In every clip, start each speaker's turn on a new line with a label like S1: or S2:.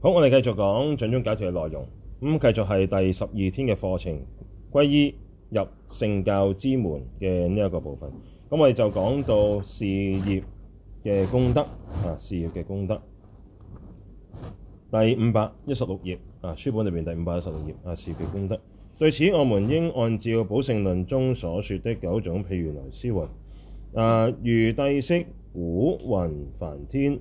S1: 好，我哋繼續講《掌中解脫》嘅內容。咁繼續係第十二天嘅課程，歸依入聖教之門嘅呢一個部分。咁我哋就講到事業嘅功德啊，事業嘅功德。第五百一十六頁啊，書本裏面第五百一十六頁啊，事業的功德。對此，我們應按照《寶性論》中所說的九種譬喻來思維啊，如帝釋、鼓雲、梵天，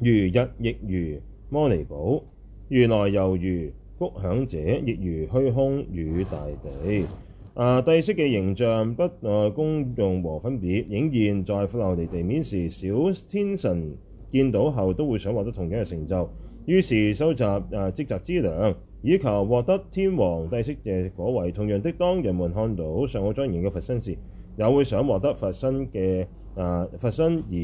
S1: 如日亦如。摩尼寶，如來猶如谷響者，亦如虛空與大地。啊，帝釋嘅形象不礙、呃、功用和分別，映現在吠琉璃地面時，小天神見到後都會想獲得同樣嘅成就，於是收集啊積集資糧，以求獲得天王帝釋嘅果位。同樣的，當人們看到相好莊嚴嘅佛身時，又會想獲得佛身嘅啊佛身而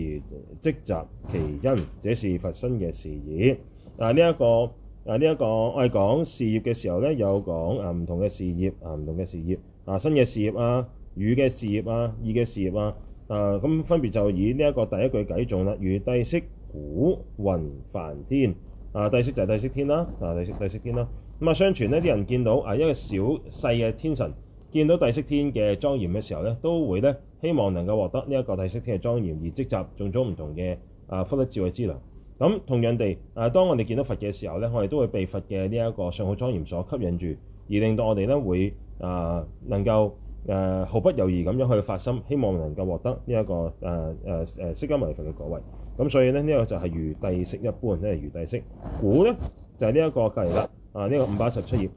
S1: 積集其因，這是佛身嘅事業。但係呢一個，誒呢一個，我哋講事業嘅時候咧，有講誒唔同嘅事業，啊唔同嘅事業，啊身嘅事業啊，語嘅事業啊，意嘅事業啊，誒、啊、咁分別就以呢一個第一句偈頌啦，如帝釋鼓雲梵天，啊帝釋就係帝釋天啦，啊帝釋帝釋天啦，咁啊相傳呢啲人見到啊一個小細嘅天神，見到帝釋天嘅莊嚴嘅時候咧，都會咧希望能夠獲得呢一個帝釋天嘅莊嚴而積集種種唔同嘅啊福德智慧資糧。咁同樣地，誒、啊、當我哋見到佛嘅時候咧，我哋都會被佛嘅呢一個相好莊嚴所吸引住，而令到我哋咧會誒、啊、能夠誒、啊、毫不猶豫咁樣去發心，希望能夠獲得呢、這、一個誒誒誒釋迦牟尼佛嘅果位。咁所以咧呢、這個就係如帝釋一般，即係如帝釋。鼓咧就係呢一個隔籬啦，啊呢、這個五百十七頁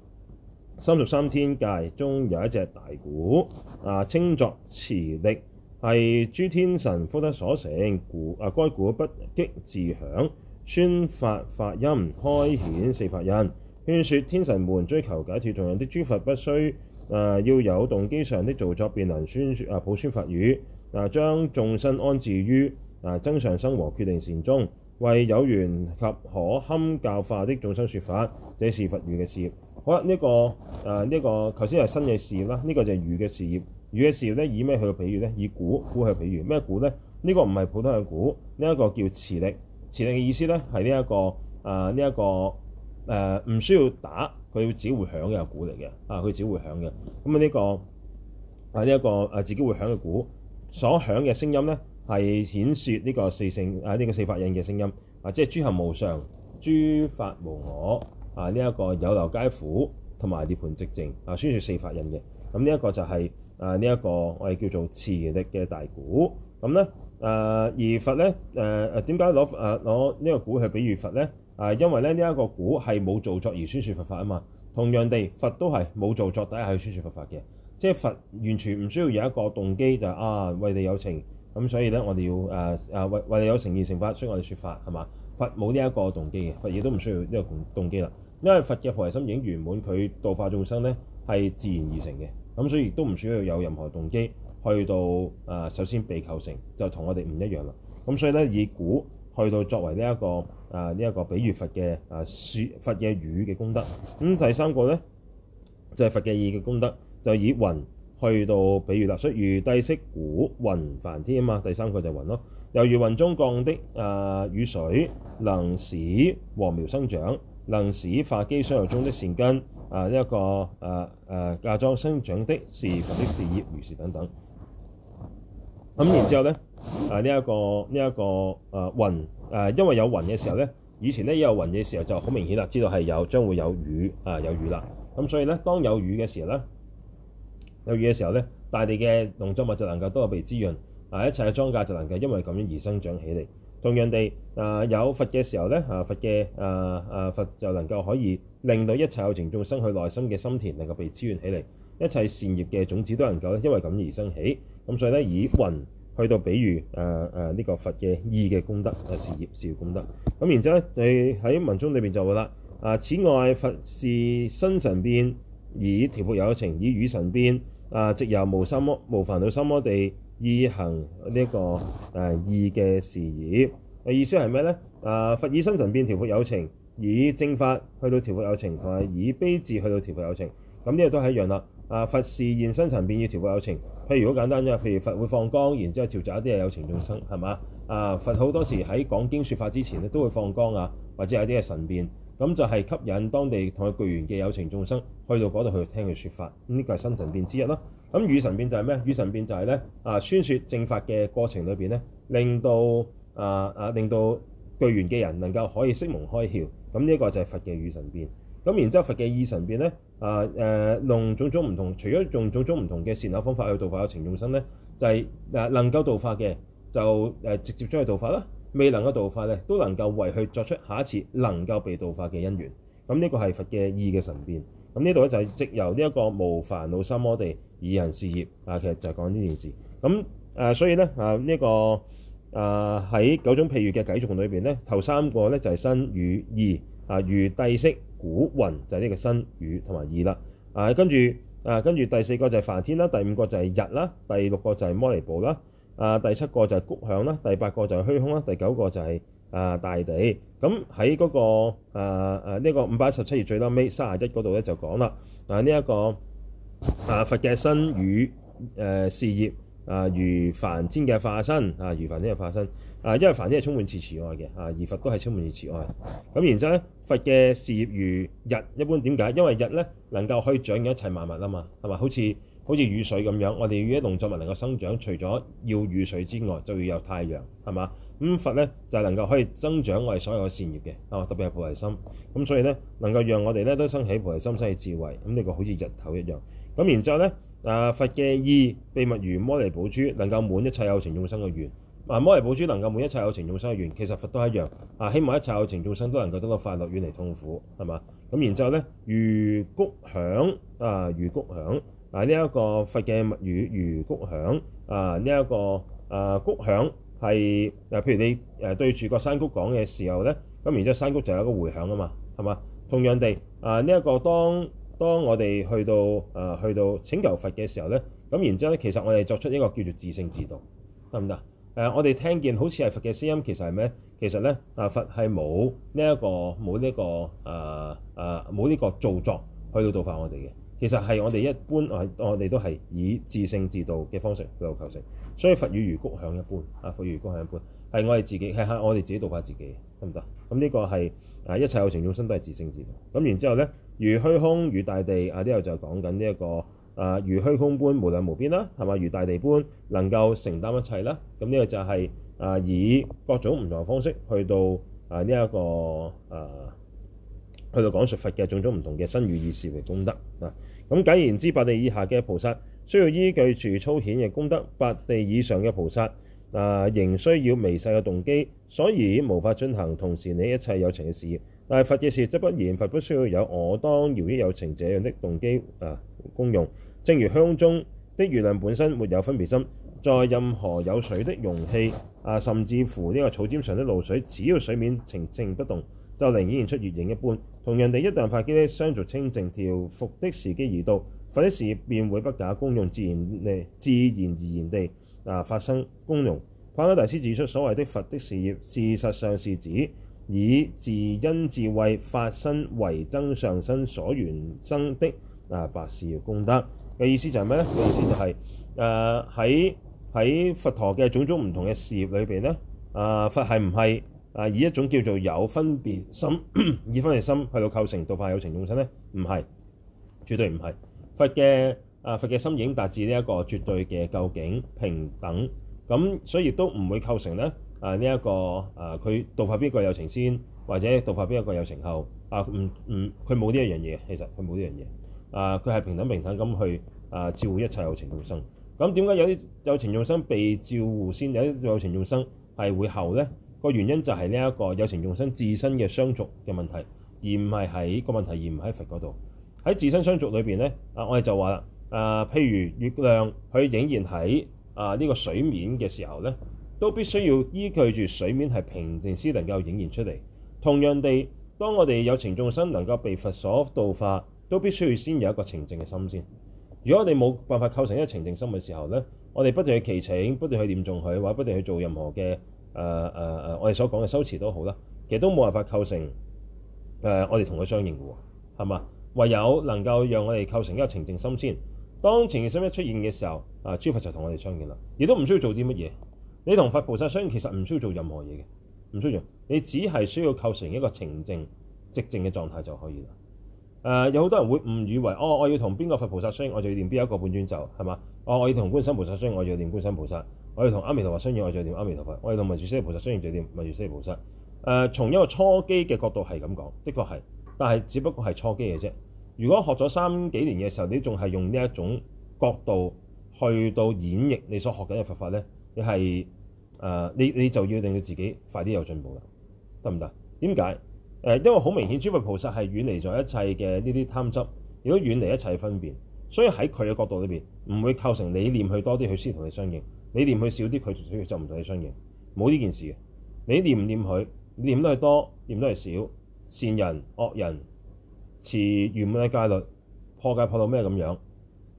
S1: 三十三天界中有一隻大鼓啊，稱作持力。係諸天神福德所成，故啊該故不擊自響，宣法發法音，開顯四法印，勸說天神們追求解脫。同樣的，諸佛不需啊要有動機上的造作，便能宣說啊普宣法語，嗱將眾生安置於啊正常生活，決定善中，為有緣及可堪教化的眾生說法。這是佛語嘅事業。好啦，呢、這個啊呢、這個頭先係新嘅事業啦，呢、這個就係如嘅事業。語嘅事業以咩去嘅比喻呢？以咩去嘅比喻咧？以鼓鼓去比喻咩鼓咧？呢、呢個唔係普通嘅鼓。呢、呢、一個叫持力，持力嘅意思咧，係呢一個啊呢一個誒唔、呃、需要打佢，佢自己會響嘅鼓嚟嘅啊，佢自己會響嘅咁、呢個、啊呢、呢個啊呢一個啊自己會響嘅鼓所響嘅聲音咧，係顯示呢個四性啊呢、呢個四法印嘅聲音啊，即係諸行無常、諸法無我啊呢一、呢個有漏皆苦同埋涅槃寂靜啊，宣説四法印嘅咁呢一個就係、是。啊！呢、這、一個我哋叫做磁力持力嘅大鼓。咁咧。啊，而佛咧，誒誒點解攞誒攞呢個鼓去比喻佛咧？啊，因為咧呢一、這個鼓係冇造作而宣説佛法啊嘛。同樣地，佛都係冇造作，底下去宣説佛法嘅，即係佛完全唔需要有一個動機就係、是、啊為你有情，咁、啊、所以咧我哋要誒誒、啊、為為你有情而成法，所以我哋説法係嘛，佛冇呢一個動機嘅，佛亦都唔需要呢個動機啦，因為佛嘅菩提心已經圓滿，佢度化眾生咧係自然而成嘅。咁、嗯、所以亦都唔需要有任何動機去到誒、呃，首先被構成就同我哋唔一樣啦。咁、嗯、所以咧，以鼓去到作為呢、這、一個誒呢一個比喻佛嘅誒說佛嘅語嘅功德。咁、嗯、第三個咧就係、是、佛嘅意嘅功德，就以雲去到比喻啦，所以如帝釋鼓雲梵天啊嘛。第三個就雲咯，猶如雲中降的誒、呃、雨水，能使禾苗生長。能使化機相續中的善根，啊一、這個啊啊稼穡生長的，是佛的事業，如是等等。咁然之後咧，啊呢一、這個呢一、這個啊雲，啊，雲啊，因為有雲嘅時候咧，以前咧有雲嘅時候就好明顯啦，知道係有將會有雨啊有雨啦。咁、啊、所以咧，當有雨嘅時候咧，有雨嘅時候咧，大地嘅農作物就能夠多被滋潤，啊一切嘅莊稼就能夠因為咁樣而生長起嚟。樣樣地啊，有佛嘅時候咧，啊佛嘅啊啊佛就能夠可以令到一切有情眾生去內心嘅心田能夠被滋養起嚟，一切善業嘅種子都能夠因為咁而生起。咁所以咧，以雲去到比喻，誒誒呢個佛嘅意嘅功德啊，事業善功德。咁然之後咧，你喺文中裏邊就會啦，啊此外佛是身神變，以調伏有情，以語神變啊，直由無三摩無，無煩惱三摩地。意行呢、這個誒意嘅事業，意思係咩呢？誒、啊、佛以身神變調伏有情，以正法去到調伏有情，同埋以悲智去到調伏有情，咁呢個都係一樣啦。誒、啊、佛是現身神變要調伏有情，譬如好簡單啫，譬如佛會放光，然之後召集一啲有情眾生，係嘛？誒、啊、佛好多時喺講經説法之前咧，都會放光啊，或者係一啲嘅神變，咁就係吸引當地同佢聚緣嘅有情眾生去到嗰度去聽佢説法，呢個係身神變之一咯。咁語神變就係咩？語神變就係咧啊！宣説正法嘅過程裏邊咧，令到啊啊，令到具緣嘅人能夠可以釋蒙開竅。咁呢一個就係佛嘅語神變。咁然之後，佛嘅意神變咧啊誒、啊，用種種唔同，除咗用種種唔同嘅善巧方法去度化有情眾生咧，就係、是、嗱能夠度化嘅就誒直接將佢度化啦。未能夠度化嘅都能夠為佢作出下一次能夠被度化嘅因緣。咁呢個係佛嘅意嘅神變。咁呢度咧就係、是、藉由呢一個無煩惱三摩地。二人事業啊，其實就係講呢件事。咁誒、啊，所以咧誒呢、啊這個誒喺、啊、九種譬喻嘅偈頌裏邊咧，頭三個咧就係、是、身語意啊，如帝釋、鼓雲就係、是、呢個身語同埋意啦。啊，跟住誒、啊，跟住第四個就係梵天啦，第五個就係日啦，第六個就係摩尼寶啦。啊，第七個就係谷響啦，第八個就係虛空啦，第九個就係、是、啊大地。咁喺嗰個誒呢個五百一十七頁最拉尾三十一嗰度咧就講啦。啊，呢、這、一個。啊這個啊！佛嘅身與誒、呃、事業啊，如梵天嘅化身啊，如梵天嘅化身啊，因為梵天係充滿慈慈愛嘅啊，而佛都係充滿慈慈愛。咁然之後咧，佛嘅事業如日，一般點解？因為日咧能夠可以長一切萬物啊嘛，係嘛？好似好似雨水咁樣，我哋要啲農作物能夠生長，除咗要雨水之外，就要有太陽，係嘛？咁佛咧就係能夠可以增長我哋所有嘅善業嘅，係嘛？特別係菩提心。咁所以咧，能夠讓我哋咧都生起菩提心，生起智慧。咁呢個好似日頭一樣。咁然之後咧，啊佛嘅意秘密如摩尼寶珠，能夠滿一切有情眾生嘅願。啊摩尼寶珠能夠滿一切有情眾生嘅願，其實佛都係一樣。啊希望一切有情眾生都能夠得到快樂，遠離痛苦，係嘛？咁然之後咧，如谷響啊，如谷響啊呢一、這個佛嘅密語，如谷響啊呢一、這個啊谷響係啊譬如你誒對住個山谷講嘅時候咧，咁然之後山谷就有一個迴響啊嘛，係嘛？同樣地啊呢一、這個當當我哋去到、呃、去到請求佛嘅時候咧，咁然之後咧，其實我哋作出一個叫做自性自度，得唔得？我哋聽見好似係佛嘅聲音，其實係咩？其實咧，啊佛係冇呢一個冇呢、這個冇呢、呃啊、個造作去到度化我哋嘅，其實係我哋一般我我哋都係以自性自度嘅方式去到求成，所以佛語如谷響一般，啊佛語如谷響一般。係我哋自己係客，係我哋自己度化自己得唔得？咁呢個係啊，一切有情眾生都係自性自度。咁然之後咧，如虛空與大地啊，呢度就講緊呢一個啊，如虛空般無量無邊啦，係、啊、嘛？如大地般能夠承擔一切啦。咁呢個就係、是、啊，以各種唔同嘅方式去到啊呢一、這個啊，去到講述佛嘅種種唔同嘅身語意事業功德嗱。咁簡言之，八地以下嘅菩薩需要依據住粗顯嘅功德，八地以上嘅菩薩。嗱、啊，仍需要微細嘅動機，所以無法進行同時利一切有情嘅事業。但係佛嘅事業則不然，佛不需要有我當饒益有情這樣的動機啊功用。正如空中的月亮本身沒有分別心，在任何有水的容器啊，甚至乎呢個草尖上的露水，只要水面澄靜不動，就能顯現出月影一般。同人哋一旦化機呢，相續清淨調伏的時機而到，佛的事業便會不假功用，自然地自然而然地。啊！發生功用，法家大師指出，所謂的佛的事業，事實上是指以自因自慧法身為增上身所原生的啊，白事業功德嘅、那個、意思就係咩呢？嘅、那個、意思就係、是，誒喺喺佛陀嘅種種唔同嘅事業裏邊呢，啊佛係唔係啊以一種叫做有分別心、 以分別心去到構成道法有情眾生呢？唔係，絕對唔係佛嘅。啊！佛嘅心已經達至呢一個絕對嘅究竟平等，咁所以亦都唔會構成咧啊！呢、這、一個啊，佢度化邊個有情先，或者度化邊個有情後啊？唔、嗯、唔，佢冇呢一樣嘢，其實佢冇呢樣嘢啊！佢係平等平等咁去啊照顧一切有情眾生。咁點解有啲有情眾生被照顧先，有啲有情眾生係會後咧？個原因就係呢一個有情眾生自身嘅相續嘅問題，而唔係喺個問題，而唔喺佛嗰度，喺自身相續裏邊咧啊！我哋就話啦。啊、呃，譬如月亮佢影現喺啊呢個水面嘅時候咧，都必須要依據住水面係平靜先能夠影現出嚟。同樣地，當我哋有情眾心能夠被佛所度化，都必須要先有一個清靜嘅心先。如果我哋冇辦法構成一個清靜心嘅時候咧，我哋不斷去祈請，不斷去念誦佢，或者不斷去做任何嘅、呃呃、我哋所講嘅修持都好啦，其實都冇辦法構成、呃、我哋同佢相應嘅喎，係嘛？唯有能夠讓我哋構成一個清靜心先。當澄靜心一出現嘅時候，啊，諸佛就同我哋相見啦，亦都唔需要做啲乜嘢。你同佛菩薩相應，其實唔需要做任何嘢嘅，唔需要做。你只係需要構成一個澄靜、寂靜嘅狀態就可以啦。誒、呃，有好多人會誤以為，哦，我要同邊個佛菩薩相應，我就要念邊一個本尊咒，係嘛？哦，我要同觀音菩薩相應，我就要念、哦、觀音菩、菩薩；我要同阿彌陀佛相應，我就要念阿彌陀佛；我要同文殊師利菩薩相應，就念文殊師利菩薩。誒、呃，從一個初機嘅角度係咁講，的確係，但係只不過係初機嘅啫。如果學咗三幾年嘅時候，你仲係用呢一種角度去到演繹你所學緊嘅佛法咧，你係誒、呃、你你就要令到自己快啲有進步啦，得唔得？點解？誒、呃，因為好明顯，諸佛菩薩係遠離咗一切嘅呢啲貪執，亦都遠離一切嘅分辨。所以喺佢嘅角度裏邊唔會構成你念佢多啲，佢先同你相應；你念佢少啲，佢就唔同你相應。冇呢件事嘅，你念唔念佢，念得係多，念得係少，善人惡人。持原本嘅戒律，破戒破到咩咁樣？誒、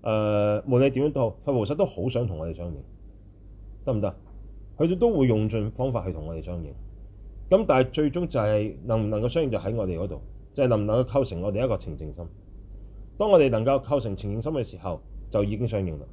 S1: 呃，無論你點樣都好，佛菩薩都好想同我哋相應，得唔得？佢哋都都會用盡方法去同我哋相應。咁但係最終就係能唔能夠相應就喺我哋嗰度，就係、是、能唔能夠構成我哋一個情淨心。當我哋能夠構成情淨心嘅時候，就已經相應啦。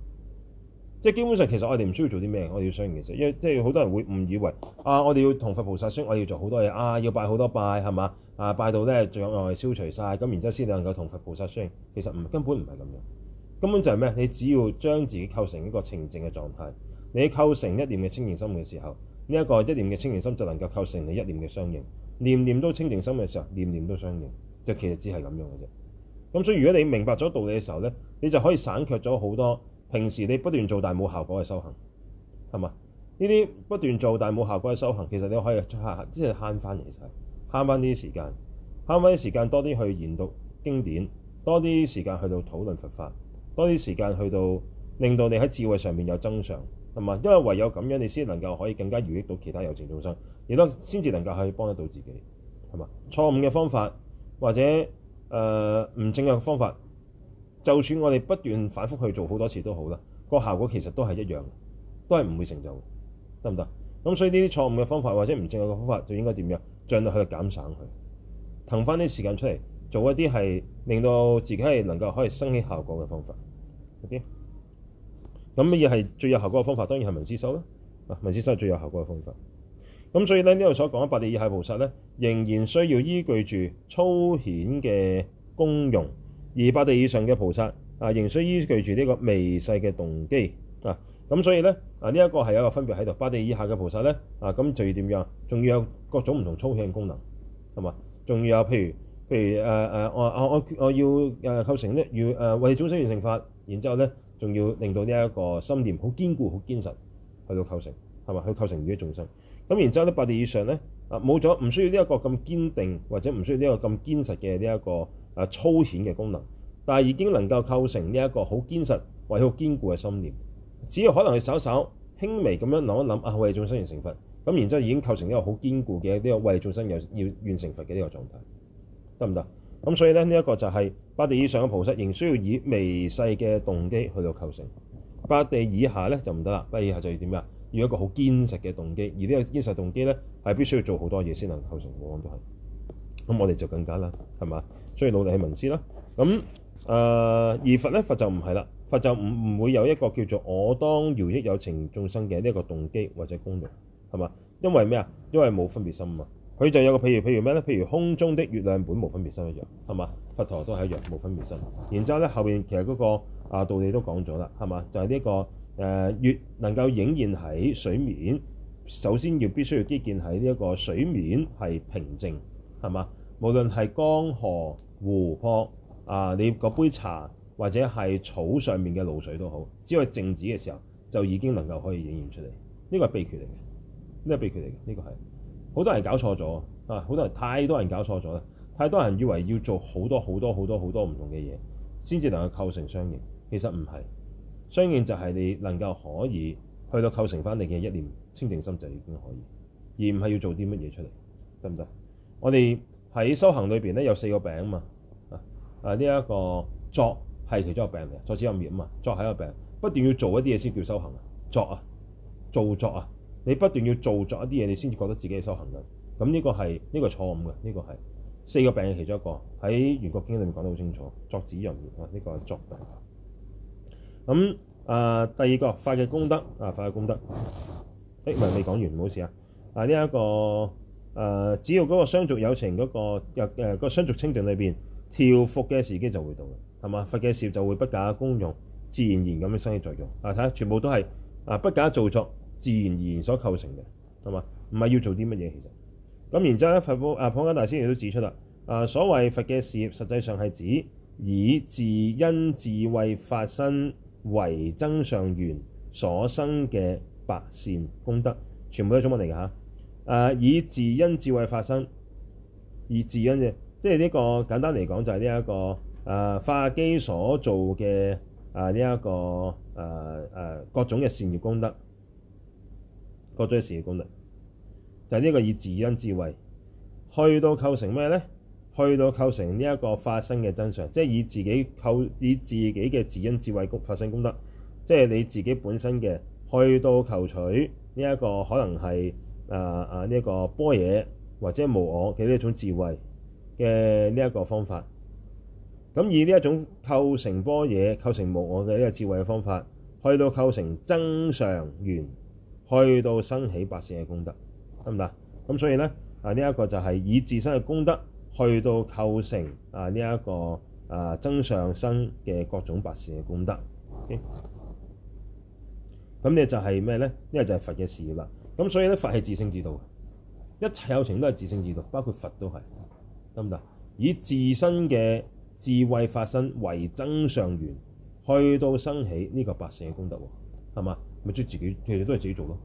S1: 即係基本上其實我哋唔需要做啲咩，我哋要相應嘅事。因為即係好多人會誤以為啊，我哋要同佛菩薩相，我哋要做好多嘢啊，要拜好多拜係嘛？啊！拜到咧障礙消除晒。咁然之後先能夠同佛菩薩相應，其實唔根本唔係咁樣，根本就係咩？你只要將自己構成一個清淨嘅狀態，你構成一念嘅清淨心嘅時候，呢、這、一個一念嘅清淨心就能夠構成你一念嘅相應，念念都清淨心嘅時候，念念都相應，即其實只係咁樣嘅啫。咁所以如果你明白咗道理嘅時候咧，你就可以省卻咗好多平時你不斷做大冇效果嘅修行，係嘛？呢啲不斷做大冇效果嘅修行，其實你可以即係前慳翻嚟晒慳翻啲時間，慳翻啲時間，多啲去研讀經典，多啲時間去到討論佛法，多啲時間去到令到你喺智慧上面有增長，係嘛？因為唯有咁樣，你先能夠可以更加利益到其他有情眾生，亦都先至能夠去幫得到自己，係嘛？錯誤嘅方法或者誒唔、呃、正確嘅方法，就算我哋不斷反復去做好多次都好啦，個效果其實都係一樣，都係唔會成就，得唔得？咁所以呢啲錯誤嘅方法或者唔正確嘅方法，就應該點樣？盡量喺度減省佢，騰翻啲時間出嚟做一啲係令到自己係能夠可以升起效果嘅方法，OK。咁乜嘢係最有效果嘅方法？當然係聞思修啦，啊，聞思修係最有效果嘅方法。咁所以咧，呢度所講嘅八地以下菩薩咧，仍然需要依據住粗顯嘅功用；而八地以上嘅菩薩啊，仍需依據住呢個微細嘅動機啊。咁所以咧，啊呢一個係有一個分別喺度。八地以下嘅菩薩咧，啊咁、啊、就要點樣？仲要有各種唔同粗顯嘅功能，係嘛？仲要有譬如譬如、啊啊、我我我我要誒構成呢，要誒、啊、為眾生完成法，然之後咧，仲要令到呢一個心念好堅固、好堅實去到構成，係嘛？去構成與眾生。咁然之後呢，八地以上咧，啊冇咗唔需要呢一個咁堅定或者唔需要呢個咁堅實嘅呢一個誒粗顯嘅功能，但係已經能夠構成呢一個好堅實、為好堅固嘅心念。只要可能去稍稍輕微咁樣諗一諗啊，為眾生完成佛，咁然之後已經構成一個好堅固嘅呢、這個為眾生又要完成佛嘅呢個狀態，得唔得？咁所以咧，呢一、這個就係八地以上嘅菩薩，仍需要以微細嘅動機去到構成；八地以下咧就唔得啦，八地以下就要點啊？要一個好堅實嘅動機，而呢個堅實動機咧係必須要做好多嘢先能構成。往往都係，咁我哋就更加啦，係嘛？所以努力係聞思啦。咁誒、呃、而佛咧，佛就唔係啦。佛就唔唔會有一個叫做我當饒益有情眾生嘅呢一個動機或者功用，係嘛？因為咩啊？因為冇分別心啊嘛。佢就有個譬如，譬如咩咧？譬如空中的月亮本冇分別心一樣，係嘛？佛陀都係一樣冇分別心。然之後呢，後邊其實嗰、那個啊道理都講咗啦，係嘛？就係呢一個、呃、月能夠影現喺水面，首先要必須要基建喺呢一個水面係平靜，係嘛？無論係江河湖泊啊，你嗰杯茶。或者係草上面嘅露水都好，只要靜止嘅時候就已經能夠可以影現出嚟。呢個係秘訣嚟嘅，呢個係秘訣嚟嘅，呢個係好多人搞錯咗啊！好多人太多人搞錯咗啦，太多人以為要做好多好多好多好多唔同嘅嘢先至能夠構成相應，其實唔係，相應就係你能夠可以去到構成翻你嘅一念清淨心就已經可以，而唔係要做啲乜嘢出嚟得唔得？我哋喺修行裏邊咧有四個餅啊嘛，啊啊呢一個作。係其中一個病嚟，作止任滅啊嘛，作係一個病，不斷要做一啲嘢先叫修行。作啊，做作啊，你不斷要做作一啲嘢，你先至覺得自己係修行㗎。咁呢個係呢、這個係錯誤㗎，呢、這個係四個病嘅其中一個，喺《圓覺經》裏面講得好清楚。作止任滅啊，呢、這個係作病。咁啊、呃，第二個法嘅功德啊，法嘅功德。誒，唔係未講完冇事啊？嗱，呢、欸、一、啊這個啊、呃，只要嗰個相續有情嗰、那個日誒、呃那個相續清淨裏邊調伏嘅時機就會到。係嘛？佛嘅事業就會不假功用，自然而然咁樣生起作用。啊，睇全部都係啊，不假造作，自然而然所構成嘅係嘛？唔係要做啲乜嘢其實咁。然之後咧，佛寶啊，帕繃喀大師亦都指出啦。啊，所謂佛嘅事業，實際上係指以自因智慧法身為增上緣所生嘅白善功德，全部都係中文嚟嘅。嚇、啊。啊，以自因智慧法身，以自因嘅，即係呢、這個簡單嚟講就係呢一個。啊！化機所做嘅啊呢一、這個啊啊各種嘅善業功德，各種嘅善業功德，就係、是、呢個以自因智慧去到構成咩咧？去到構成呢一個發生嘅真相，即係以自己構以自己嘅自因智慧功發生功德，即係你自己本身嘅去到求取呢、這、一個可能係啊啊呢一、這個般若，或者無我嘅呢一種智慧嘅呢一個方法。咁以呢一種構成般若構成無我嘅一個智慧嘅方法，去到構成增上緣，去到生起白善嘅功德，得唔得？咁所以咧啊，呢一個就係以自身嘅功德去到構成啊呢一個啊增上生嘅各種白善嘅功德。咁你就係咩咧？呢個就係佛嘅事啦。咁所以咧，佛係自性之道，一切有情都係自性之道，包括佛都係得唔得？以自身嘅智慧法身為增上緣，去到生起呢個白善嘅功德，係嘛？咪即係自己，其實都係自己做咯，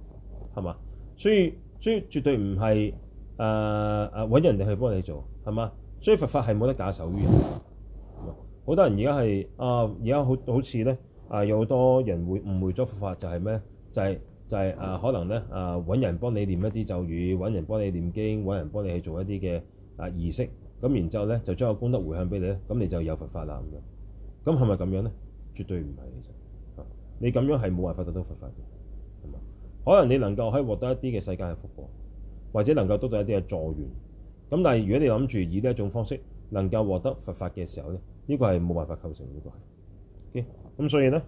S1: 係嘛？所以所以絕對唔係，誒誒揾人哋去幫你做，係嘛？所以佛法係冇得假手於人。好多人而家係啊，而家好好似咧啊，有好多人會誤會咗佛法就係咩？就係就係誒可能咧，誒揾人幫你念一啲咒語，揾人幫你念經，揾人幫你去做一啲嘅誒儀式。咁然之後咧，就將個功德回向俾你咧，咁你就有佛法啦咁樣。咁係咪咁樣咧？絕對唔係，其實你咁樣係冇辦法得到佛法嘅，係嘛？可能你能夠可以獲得一啲嘅世界嘅福報，或者能夠得到一啲嘅助緣。咁但係如果你諗住以呢一種方式能夠獲得佛法嘅時候咧，呢、這個係冇辦法構成呢、這個。係，咁所以咧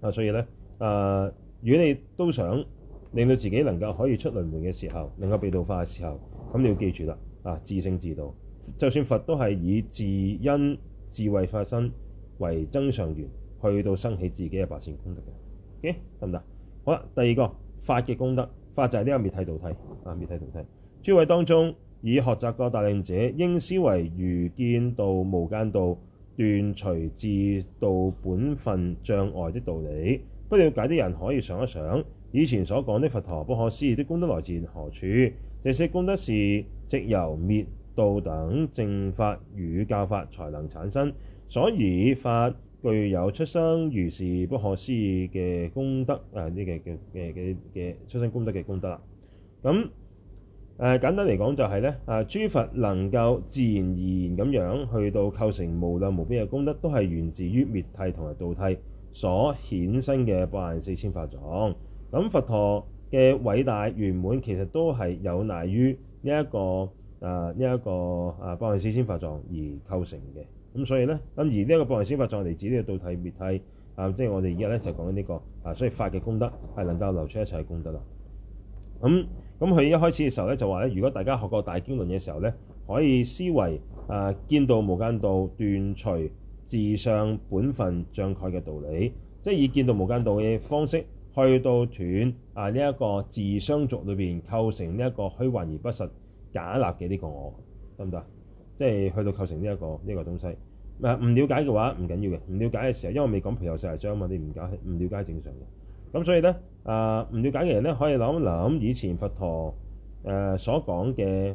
S1: 啊，所以咧啊、呃，如果你都想令到自己能夠可以出輪迴嘅時候，能夠被道化嘅時候，咁你要記住啦，啊，自性自度。就算佛都係以自因智慧法身為增上緣，去到生起自己嘅白善功德嘅，得唔得？好啦，第二個法嘅功德，法就係呢個滅體道體啊，滅體道體。諸位當中已學習過大論者，應思惟如見道無間道斷除自道本分障礙的道理。不瞭解的人，可以想一想，以前所講的佛陀不可思議的功德來自何處？這些功德是即由滅道等證法與教法才能產生，所以法具有出生如是不可思議嘅功德啊！啲嘅嘅嘅嘅出生功德嘅功德啦。咁誒、呃、簡單嚟講就係、是、咧，誒諸佛能夠自然而然咁樣去到構成無量無邊嘅功德，都係源自於滅諦同埋道諦所衍生嘅八萬四千法藏。咁佛陀嘅偉大圓滿其實都係有賴於呢一個。啊！呢一個啊，八萬四千法藏而構成嘅。咁，所以咧，咁而呢一個八萬四千法藏嚟自呢個道體滅體啊，即係我哋而家咧就講緊呢個啊，所以法嘅功德係能夠流出一切嘅功德啦。咁，咁佢一開始嘅時候咧就話咧，如果大家學過大經論嘅時候咧，可以思維啊，見道無間道斷除自相本分障礙嘅道理，即係以見道無間道嘅方式去到斷啊呢一個自相續裏邊構成呢一個虛幻而不實。假立嘅呢個我得唔得？即係去到構成呢、這、一個呢、這個東西。唔、呃、了解嘅話唔緊要嘅，唔了解嘅時候，因為我未講菩提有四大章嘛，你唔解唔了解正常嘅。咁所以咧，唔、呃、了解嘅人咧可以諗諗以前佛陀誒、呃、所講嘅誒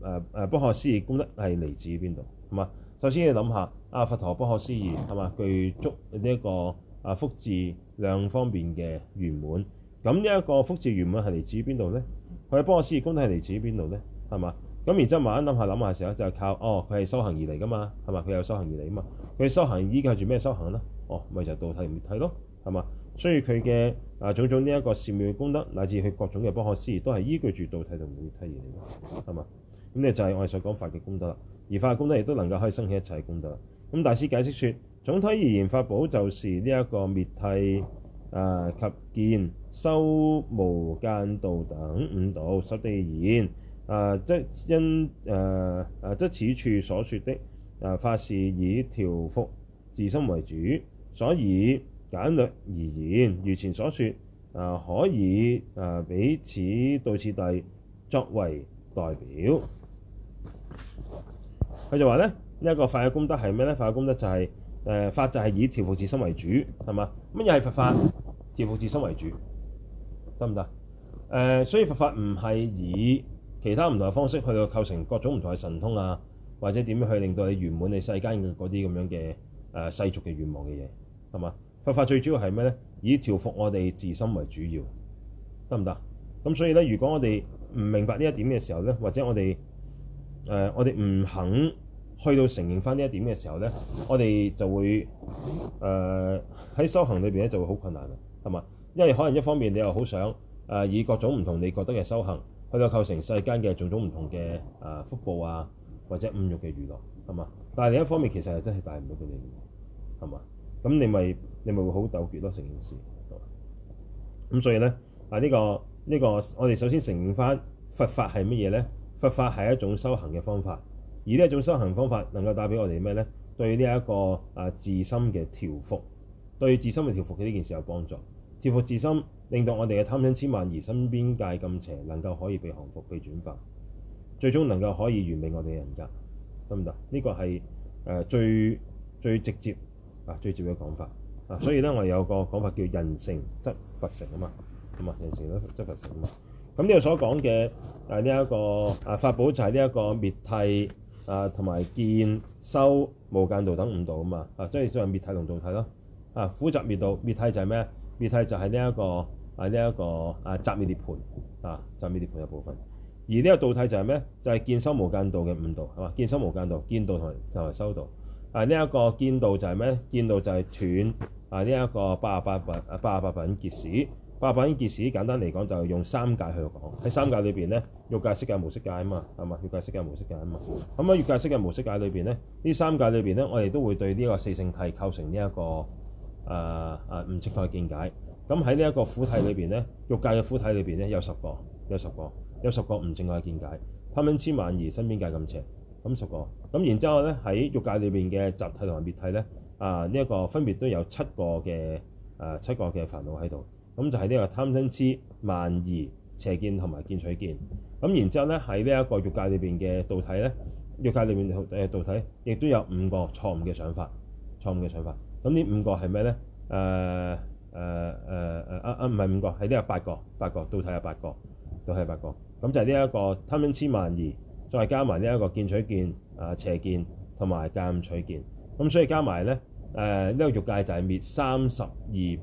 S1: 誒誒不可思議功德係嚟自邊度？係嘛？首先你諗下啊，佛陀不可思議係嘛？具足呢、這、一個啊福智兩方面嘅圓滿。咁呢一個福智圓滿係嚟自於邊度咧？佢嘅不可思議功德係嚟自於邊度咧？係嘛？咁然之後慢慢諗下諗下時候，就，就係靠哦，佢係修行而嚟噶嘛？係嘛？佢有修行而嚟啊嘛？佢修行依據住咩修行咧？哦，咪就係道體同滅體咯，係嘛？所以佢嘅，啊種種呢一個善妙功德，乃至佢各種嘅不可思議，都係依據住道體同滅體而嚟，嘅，係嘛？咁呢就係我哋所講法嘅功德啦。而法嘅功德亦都能夠可以生起一切功德啦。咁大師解釋說，總體而言，法寶就是呢一個滅體啊及見。修無間道等五道，十地而言啊，即因誒誒即此處所說的誒、啊、法是以調伏自心為主，所以簡略而言，如前所說啊，可以誒俾、啊、此道次第作為代表。佢就話咧，呢、這、一個法嘅功德係咩咧？法嘅功德就係、是、誒、啊、法就係以調伏自心為主，係嘛？咁又係佛法調伏自心為主。得唔得？誒、呃，所以佛法唔係以其他唔同嘅方式去到構成各種唔同嘅神通啊，或者點樣去令到你圓滿你世間嘅嗰啲咁樣嘅誒、呃、世俗嘅願望嘅嘢，係嘛？佛法最主要係咩咧？以調伏我哋自身為主要，得唔得？咁所以咧，如果我哋唔明白呢一點嘅時候咧，或者我哋誒、呃、我哋唔肯去到承認返呢一點嘅時候咧，我哋就會誒喺、呃、修行裏邊咧就會好困難嘅，係嘛？因為可能一方面你又好想誒、呃，以各種唔同你覺得嘅修行去到構成世間嘅種種唔同嘅誒、呃、福報啊，或者五欲嘅娛樂，係嘛？但係另一方面其實係真係帶唔到佢哋，係嘛？咁你咪你咪會好糾結咯，成件事咁。所以咧啊，呢、呢個呢、呢個我哋首先承認返佛法係乜嘢咧？佛法係一種修行嘅方法，而呢一種修行嘅方法能夠帶俾我哋咩咧？對呢、呢、一個啊、呃、自心嘅調伏，對自心嘅調伏嘅呢件事有幫助。調伏自心，令到我哋嘅貪心千萬而身邊界咁邪，能夠可以被降服、被轉化，最終能夠可以完美我哋嘅人格，得唔得？呢個係誒最最直接啊，最接嘅講法啊。所以咧，我哋有個講法叫人成則佛成啊嘛，咁啊人成啦則佛成啊嘛。咁呢度所講嘅誒呢一個啊法寶就係呢一個滅諦啊，同、這、埋、個啊啊、見修無間道等五道啊嘛、嗯、啊，即係所謂滅諦同道諦咯啊。苦集滅道滅諦就係咩？滅諦就係呢一個、這個、啊，呢一個啊，雜滅的盤啊，雜滅的盤一部分。而呢個道諦就係咩？就係、是、見修無間道嘅五道，係嘛？見修無間道，見道同同修道。啊，呢、這、一個見道就係咩咧？見道就係斷啊，呢、這、一個八啊八八啊，八啊八十八結使，八啊八十八結使。簡單嚟講，就係用三界去講。喺三界裏邊咧，欲界、色界、無色界啊嘛，係嘛？欲界、色界、無色界啊嘛。咁、嗯、喺、嗯嗯嗯、欲界、色界、色界、無色界裏邊咧，呢三界裏邊咧，我哋都會對呢個四聖諦構成呢、這、一個。啊啊！唔、啊、正確嘅見解。咁喺呢一個苦體裏邊咧，欲界嘅苦體裏邊咧有十個，有十個，有十個唔正確嘅見解。貪嗔痴慢疑，身邊界咁邪，咁十個。咁然之後咧喺欲界裏邊嘅集體同埋滅體咧，啊呢一、這個分別都有七個嘅啊七個嘅煩惱喺度。咁就係呢個貪嗔痴慢疑邪見同埋見取見。咁然之後咧喺呢一個欲界裏邊嘅道體咧，欲界裏面嘅道體亦都有五個錯誤嘅想法，錯誤嘅想法。咁呢五個係咩咧？誒誒誒啊啊！唔係五個，係呢有八個，八個道諦啊，八個道諦八個。咁就係呢一個貪嗔痴慢疑，再加埋呢一個見取見啊、呃、邪見同埋戒禁取見。咁所以加埋咧誒呢、呃呢個欲界就係滅三十二品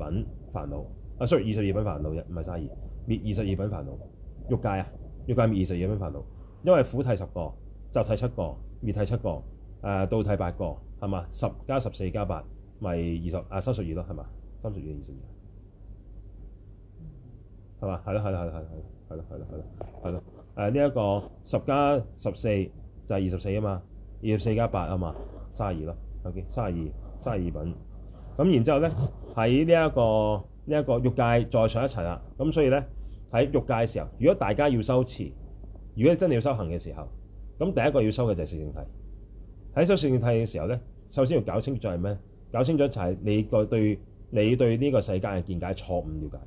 S1: 煩惱啊，sorry 二十二品煩惱嘅唔係三十二滅二十二品煩惱欲界啊，欲界滅二十二品煩惱，因為苦諦十個集諦七個滅諦七個誒道諦八個係嘛十加十四加八。咪二十啊，三十二咯，係、呃這個、嘛？三十二，二十二，係嘛？係咯，係咯，係咯，係咯，係咯，係咯，係咯。誒，呢一個十加十四就係二十四啊嘛，二十四加八啊嘛，卅二咯。OK，卅二，卅二品。咁然之後咧，喺呢一個呢一、這個欲界再上一層啦。咁所以咧喺欲界嘅時候，如果大家要修持，如果真係要修行嘅時候，咁第一個要修嘅就係四正題。喺修四正題嘅時候咧，首先要搞清楚係咩？搞清楚一係你個對你對呢個世界嘅見解錯誤，了解，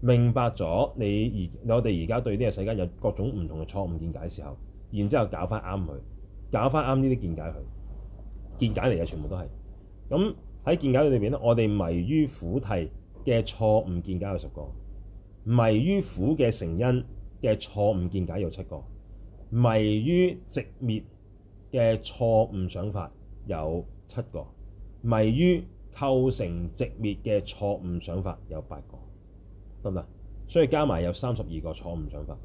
S1: 明白咗你而我哋而家對呢個世界有各種唔同嘅錯誤見解嘅時候，然之後搞翻啱佢，搞翻啱呢啲見解佢見解嚟嘅全部都係咁。喺見解裏邊咧，我哋迷於苦諦嘅錯誤見解有十個，迷於苦嘅成因嘅錯誤見解有七個，迷於直滅嘅錯誤想法，有七個迷於構成直滅嘅錯誤想法，有八個，得唔得？所以加埋有三十二個錯誤想法，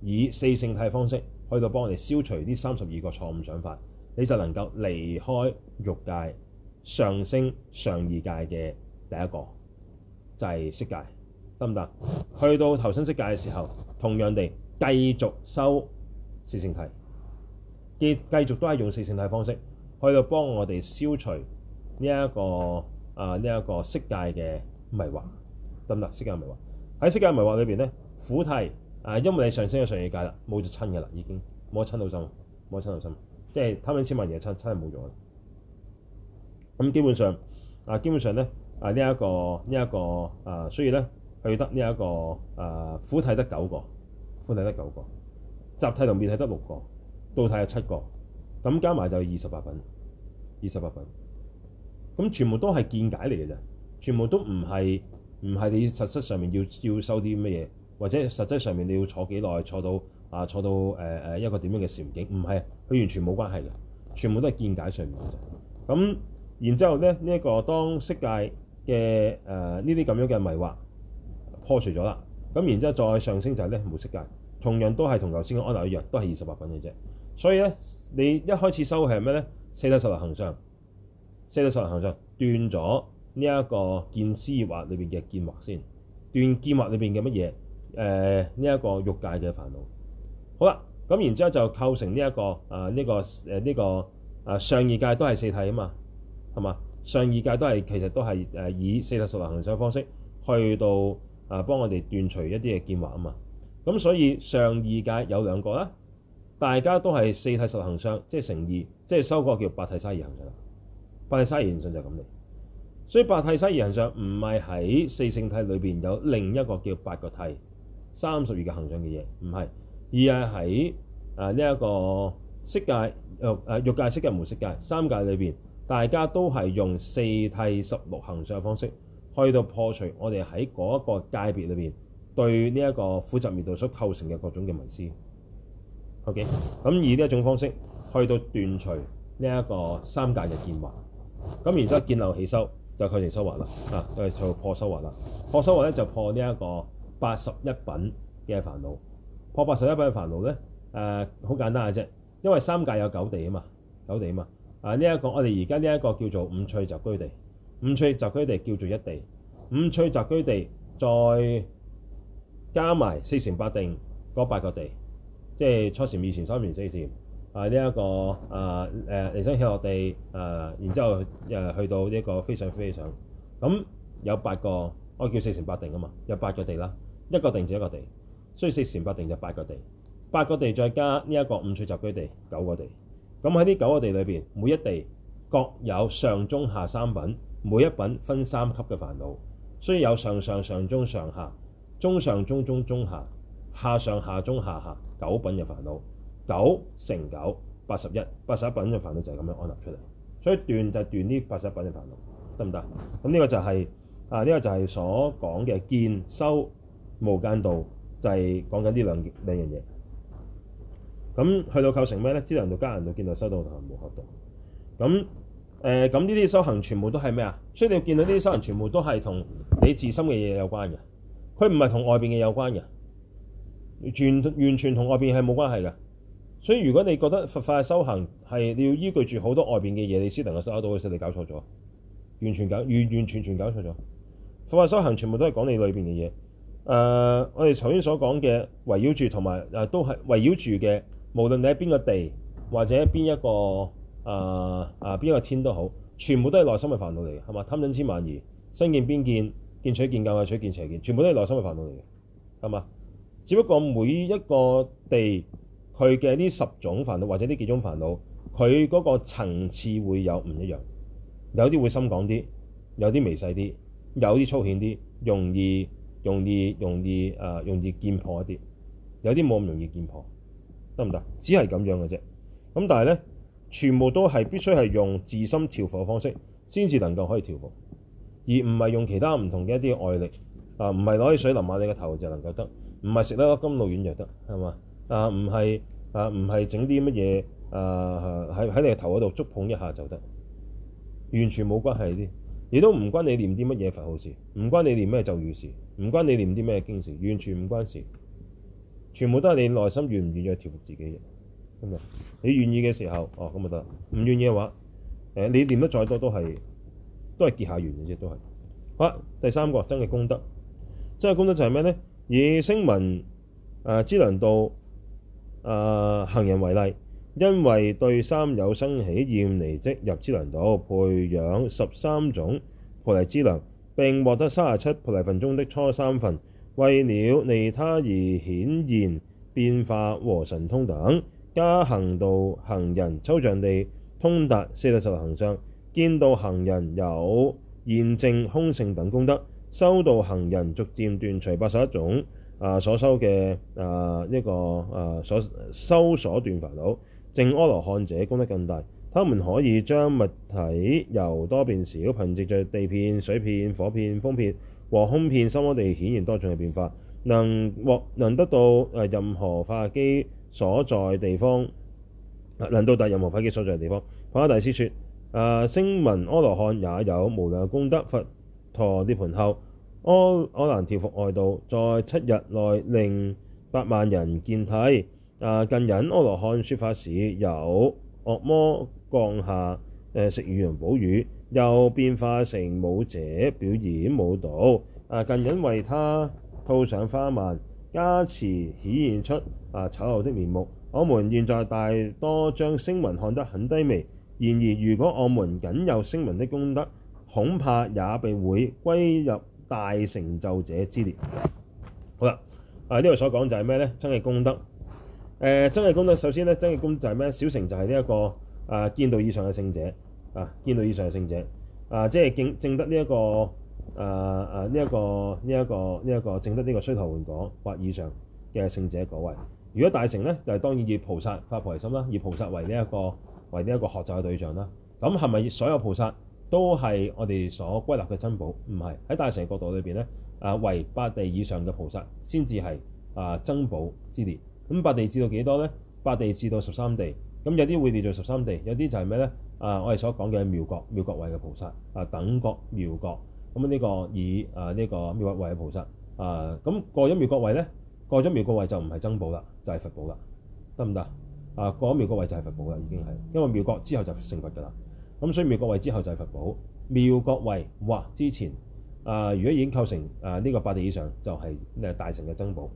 S1: 以四聖諦方式去到幫我哋消除呢三十二個錯誤想法，你就能夠離開欲界，上升上二界嘅第一個就係、是、色界，得唔得？去到投身色界嘅時候，同樣地繼續修四聖諦，繼繼續都係用四聖諦方式。去到幫我哋消除呢、這、一個啊呢一、這個色界嘅迷惑，得唔得？色界嘅迷惑，喺色界嘅迷惑裏邊咧，苦諦啊，因為你上升咗上夜界啦，冇咗親嘅啦，已經冇得親到心，冇得親到心，即係貪戀千萬嘢，親親係冇咗啦。咁基本上啊，基本上咧啊呢一、這個呢一、這個啊，所以咧去得呢一個啊苦諦得九個，苦諦得九個，集諦同滅諦得六個，道諦有七個。咁加埋就係二十八分，二十八分。咁全部都係見解嚟嘅啫，全部都唔係唔係你實質上面要要收啲乜嘢，或者實質上面你要坐幾耐，坐到啊坐到、呃、一個點樣嘅禪境，唔係，佢完全冇關係嘅，全部都係見解上面嘅啫。咁然之後咧，呢、這、一個當色界嘅呢啲咁樣嘅迷惑破除咗啦，咁然之後再上升就係咧冇色界，同樣都係同頭先嘅安娜一樣，都係二十八分嘅啫。所以咧，你一開始收係咩咧？四諦十六行相，四諦十六行相斷了這斷，斷咗呢一個見思惑裏邊嘅見惑先，斷見惑裏邊嘅乜嘢？誒，呢一個欲界嘅煩惱。好啦，咁然之後就構成呢、這、一個誒呢、啊這個誒呢、啊這個誒上二界都係四諦啊嘛，係嘛？上二界都係其實都係誒以四諦十六行相方式去到啊幫我哋斷除一啲嘅見惑啊嘛。咁所以上二界有兩個啦。大家都係四諦十行相，即係乘二，即係收過叫八諦三十二行相。八諦三十二行相就係咁嚟，所以八諦三十二行相唔係喺四聖諦裏邊有另一個叫八個諦三十二個行相嘅嘢，唔係，而係喺啊呢一個色界、欲、呃、誒欲界、色界、無色界三界裏邊，大家都係用四諦十六行相嘅方式去到破除我哋喺嗰一個界別裏邊對呢一個苦集滅道所構成嘅各種嘅迷思。OK，咁以呢一種方式去到斷除呢一個三界嘅見惑，咁然之後見道起修就確定修惑啦，啊，就係做破修惑啦。破修惑咧就破呢一個八十一品嘅煩惱。破八十一品嘅煩惱咧，誒、呃、好簡單嘅啫，因為三界有九地啊嘛，九地啊嘛，啊呢一個我哋而家呢一個叫做五趣集居地，五趣集居地叫做一地，五趣集居地再加埋四乘八定嗰八個地。即係初禪二禪三禪四禪，啊呢一、這個啊誒離生喜樂地，啊、呃、然之後誒去、呃、去到呢一個非想非非想，咁有八個，我叫四禪八定啊嘛，有八個地啦，一個定字一個地，所以四禪八定就八個地，八個地再加呢一個五趣雜居地，九個地。咁喺呢九個地裏面，每一地各有上、中、下三品，每一品分三級嘅煩惱，所以有上上上中上下、中上中中中下、下上下中下下九品嘅煩惱，九乘九八十一，八十一品嘅煩惱就係咁樣安立出嚟，所以斷就斷呢八十一品嘅煩惱，得唔得？咁、嗯、呢、這個就係、是、啊，呢、這個就係所講嘅見修無間道，就係講緊呢兩兩樣嘢。咁、嗯、去到構成咩咧？資糧道加行道，見道，修道同埋無學道。咁誒，咁呢啲修行全部都係咩啊？所以你要見到呢啲修行全部都係同你自身嘅嘢有關嘅，佢唔係同外邊嘅有關嘅。完完全同外邊係冇關係嘅，所以如果你覺得佛法修行係你要依據住好多外邊嘅嘢，你先能夠修到時，其實你搞錯咗，完全搞完完全全搞錯咗。佛法修行全部都係講你裏面嘅嘢。誒、呃，我哋頭先所講嘅圍繞住同埋誒都係圍繞住嘅，無論你喺邊個地或者邊一個誒誒邊一個天都好，全部都係內心嘅煩惱嚟嘅，係嘛？貪嗔痴慢疑，身見、邊見、見取見、戒禁取見、邪見全部都係內心嘅煩惱嚟嘅，係嘛？只不過每一個地佢嘅呢十種煩惱，或者呢幾種煩惱，佢嗰個層次會有唔一樣。有啲會深講啲，有啲微細啲，有啲粗顯啲，容易容易容易誒、啊，容易見破一啲。有啲冇咁容易見破，得唔得？只係咁樣嘅啫。咁但係咧，全部都係必須係用自心調伏嘅方式，先至能夠可以調伏，而唔係用其他唔同嘅一啲外力啊，唔係攞起水淋下你個頭就能夠得。唔係食得個，甘露丸就得係嘛？啊，唔係啊，唔係整啲乜嘢啊？喺喺你個頭嗰度觸碰一下就得，完全冇關係啲。亦都唔關你念啲乜嘢佛號事，唔關你念咩咒語事，唔關你念啲咩經事，完全唔關事。全部都係你內心願唔願意去調服自己嘅。真係你願意嘅時候，哦咁就得。唔願意嘅話，誒、哎、你念得再多都係都係結下緣嘅啫，都係好啦。第三個真嘅功德，真嘅功德就係咩咧？以聲聞誒資糧道、呃、行人為例，因為對三有生起厭離，即入資糧道，培養十三種菩提資糧，並獲得三十七菩提分中的初三分。為了利他而顯現變化和神通等，加行道行人抽象地通達四諦十六行相，見道行人有現證空性等功德。修道行人逐漸斷除八十一種啊、呃、所修嘅啊一個啊、呃、所修所斷煩惱，證阿羅漢者功德更大。他們可以將物體由多變少，憑藉著地遍、水遍、火遍、風遍和空遍，三摩地顯現多種嘅變化，能獲能得到誒任何化機所在地方、啊，能到達任何化機所在嘅地方。法大師說：誒聲聞阿羅漢也有無量功德，佛陀涅槃後，阿難調伏外道，在七日內令八萬人見諦。啊，近隱阿羅漢說法時，有惡魔降下食雨和寶雨，又變化成舞者表演舞蹈。啊，近隱為他套上花鬘，加持顯現出啊醜陋的面目。我們現在大多將聲聞看得很低微，然而如果我們僅有聲聞的功德，恐怕也被會歸入大成就者之列。好啦，啊呢度所講就係咩咧？僧嘅功德，誒、呃、僧嘅功德首先咧，僧嘅功德就係咩？小乘就係呢一個啊見道以上嘅聖者啊，見道以上嘅聖者，啊，的聖者啊，即係證、證得呢一個啊啊呢一個呢一個呢一個證得呢個須陀洹果或以上嘅聖者果位。如果大乘咧，就係、是、當然以菩薩發菩提心啦，以菩薩為呢、這、一個為呢一個學習嘅對象啦。咁係咪所有菩薩？都係我哋所歸納嘅僧寶，唔係喺大乘嘅角度裏邊咧，啊，為八地以上嘅菩薩先至係啊僧寶之列。咁八地至到幾多咧？八地至到十三地，咁有啲會列做十三地，有啲就係咩咧？啊，我哋所講嘅妙覺妙覺位嘅菩薩啊，等覺妙覺。咁呢個以啊呢、呢個妙覺位嘅菩薩啊，咁過咗妙覺位咧，過咗妙覺位就唔係僧寶啦，就係、係、佛寶啦，得唔得啊？啊，過咗妙覺位就係佛寶啦，已經係，因為妙覺之後就成佛噶啦。咁、嗯、所以妙國位之後就係佛寶。妙國位哇，之前啊、呃，如果已經構成啊呢、呃這個八地以上，就係、是、大乘嘅僧寶。咁、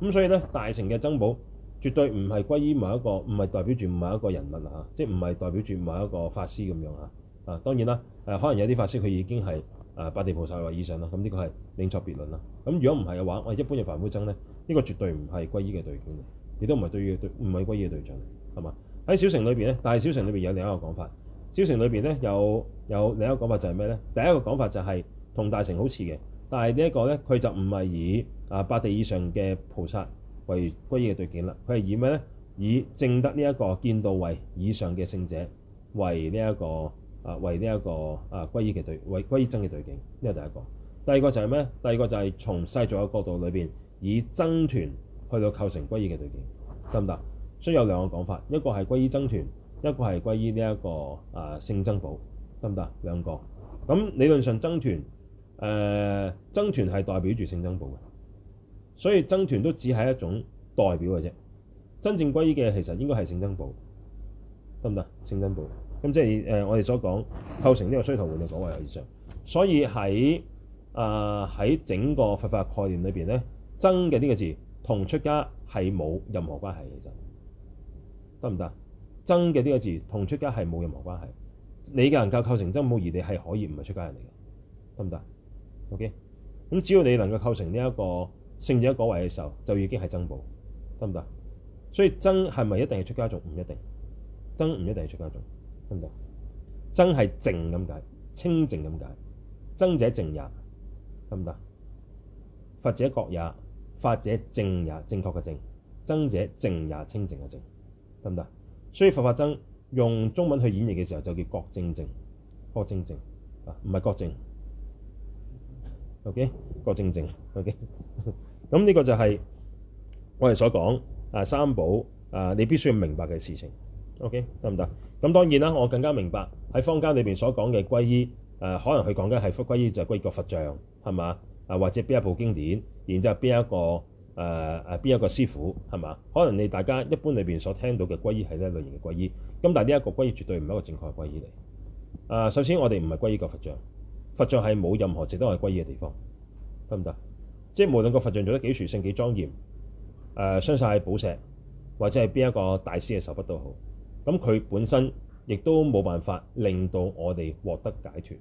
S1: 嗯、所以咧，大乘嘅僧寶絕對唔係歸依某一個，唔係代表住某一個人物啦、啊、即唔係代表住某一個法師咁樣嚇啊。當然啦，啊、可能有啲法師佢已經係、啊、八地菩薩或以上啦。咁呢個係另作別論啦。咁、啊、如果唔係嘅話，我一般嘅凡夫僧咧，呢、這個絕對唔係歸依嘅對象嚟，亦都唔係對唔係歸依嘅對象嚟，係嘛？喺小乘裏面呢，咧，但係小乘裏面有另一個講法。小城裏邊咧，有有另一個講法就係咩咧？第一個講法就係、是、同大城好似嘅，但係呢一個咧佢就唔係以啊八地以上嘅菩薩為皈依嘅對境啦，佢係以咩咧？以正得呢一個見道位以上嘅聖者為呢、這、一個啊為呢、這、一個啊皈依嘅對為皈依僧嘅對境。呢個第一個，第二個就係咩？第二個就係從世俗嘅角度裏邊以僧團去到構成皈依嘅對境，得唔得？所以有兩個講法，一個係皈依僧團。一個係歸於呢、這、一個啊、呃，聖僧寶，得唔得？兩個。咁理論上僧團誒，僧、呃、團係代表住聖僧寶嘅，所以僧團都只係一種代表嘅啫。真正歸依嘅其實應該係聖僧寶，得唔得？聖僧寶，咁即係誒、呃，我哋所講構成呢個衰頭換腦嗰個位以上，所以喺啊喺整個佛法概念裏邊咧，僧嘅呢個字同出家係冇任何關係嘅，其實得唔得？僧嘅呢個字同出家係冇任何關係。你嘅人格構成僧寶，而你係可以唔係出家人嚟嘅，得唔得？OK，咁只要你能夠構成呢、這個、一個聖者果位嘅時候，就已經係僧寶，得唔得？所以僧係咪一定係出家族？唔一定，僧唔一定係出家族，得唔得？僧係淨咁解，清淨咁解。僧者淨也，得唔得？佛者覺也，法者正也，正確嘅正。僧者淨也，清淨嘅淨，得唔得？所以佛法僧用中文去演繹嘅時候就叫覺正淨，覺正淨啊，唔係郭靖。O.K. 覺正淨。O.K. 咁呢個就係我哋所講啊三寶啊，你必須要明白嘅事情。O.K. 得唔得？咁當然啦，我更加明白喺坊間裏邊所講嘅歸依，誒、啊、可能佢講緊係佛歸依就係、是、歸向佛像係嘛？啊或者邊一部經典，然之後邊一個？誒誒邊一個師傅係嘛？可能你大家一般裏邊所聽到嘅皈依係呢類型嘅皈依，咁但係呢一個皈依絕對唔係一個正確嘅皈依嚟。誒、呃，首先我哋唔係皈依個佛像，佛像係冇任何值得我哋皈依嘅地方，得唔得？即係無論個佛像做得幾殊勝、幾莊嚴，誒、呃，鑲曬寶石或者係邊一個大師嘅手筆都好，咁佢本身亦都冇辦法令到我哋獲得解脫，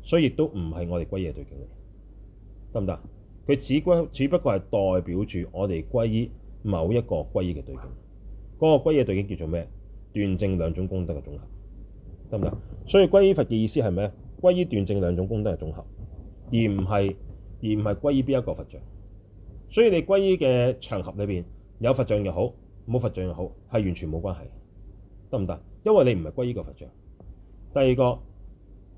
S1: 所以亦都唔係我哋皈依嘅對境嚟，得唔得？佢只不只不過係代表住我哋歸依某一個歸依嘅對象。嗰個歸依嘅對象叫做咩？斷正兩種功德嘅總合，得唔得？所以歸依佛嘅意思係咩？歸依斷正兩種功德嘅總合，而唔係而唔係歸依邊一個佛像。所以你歸依嘅場合裏邊有佛像又好，冇佛像又好，係完全冇關係，得唔得？因為你唔係歸依個佛像。第二個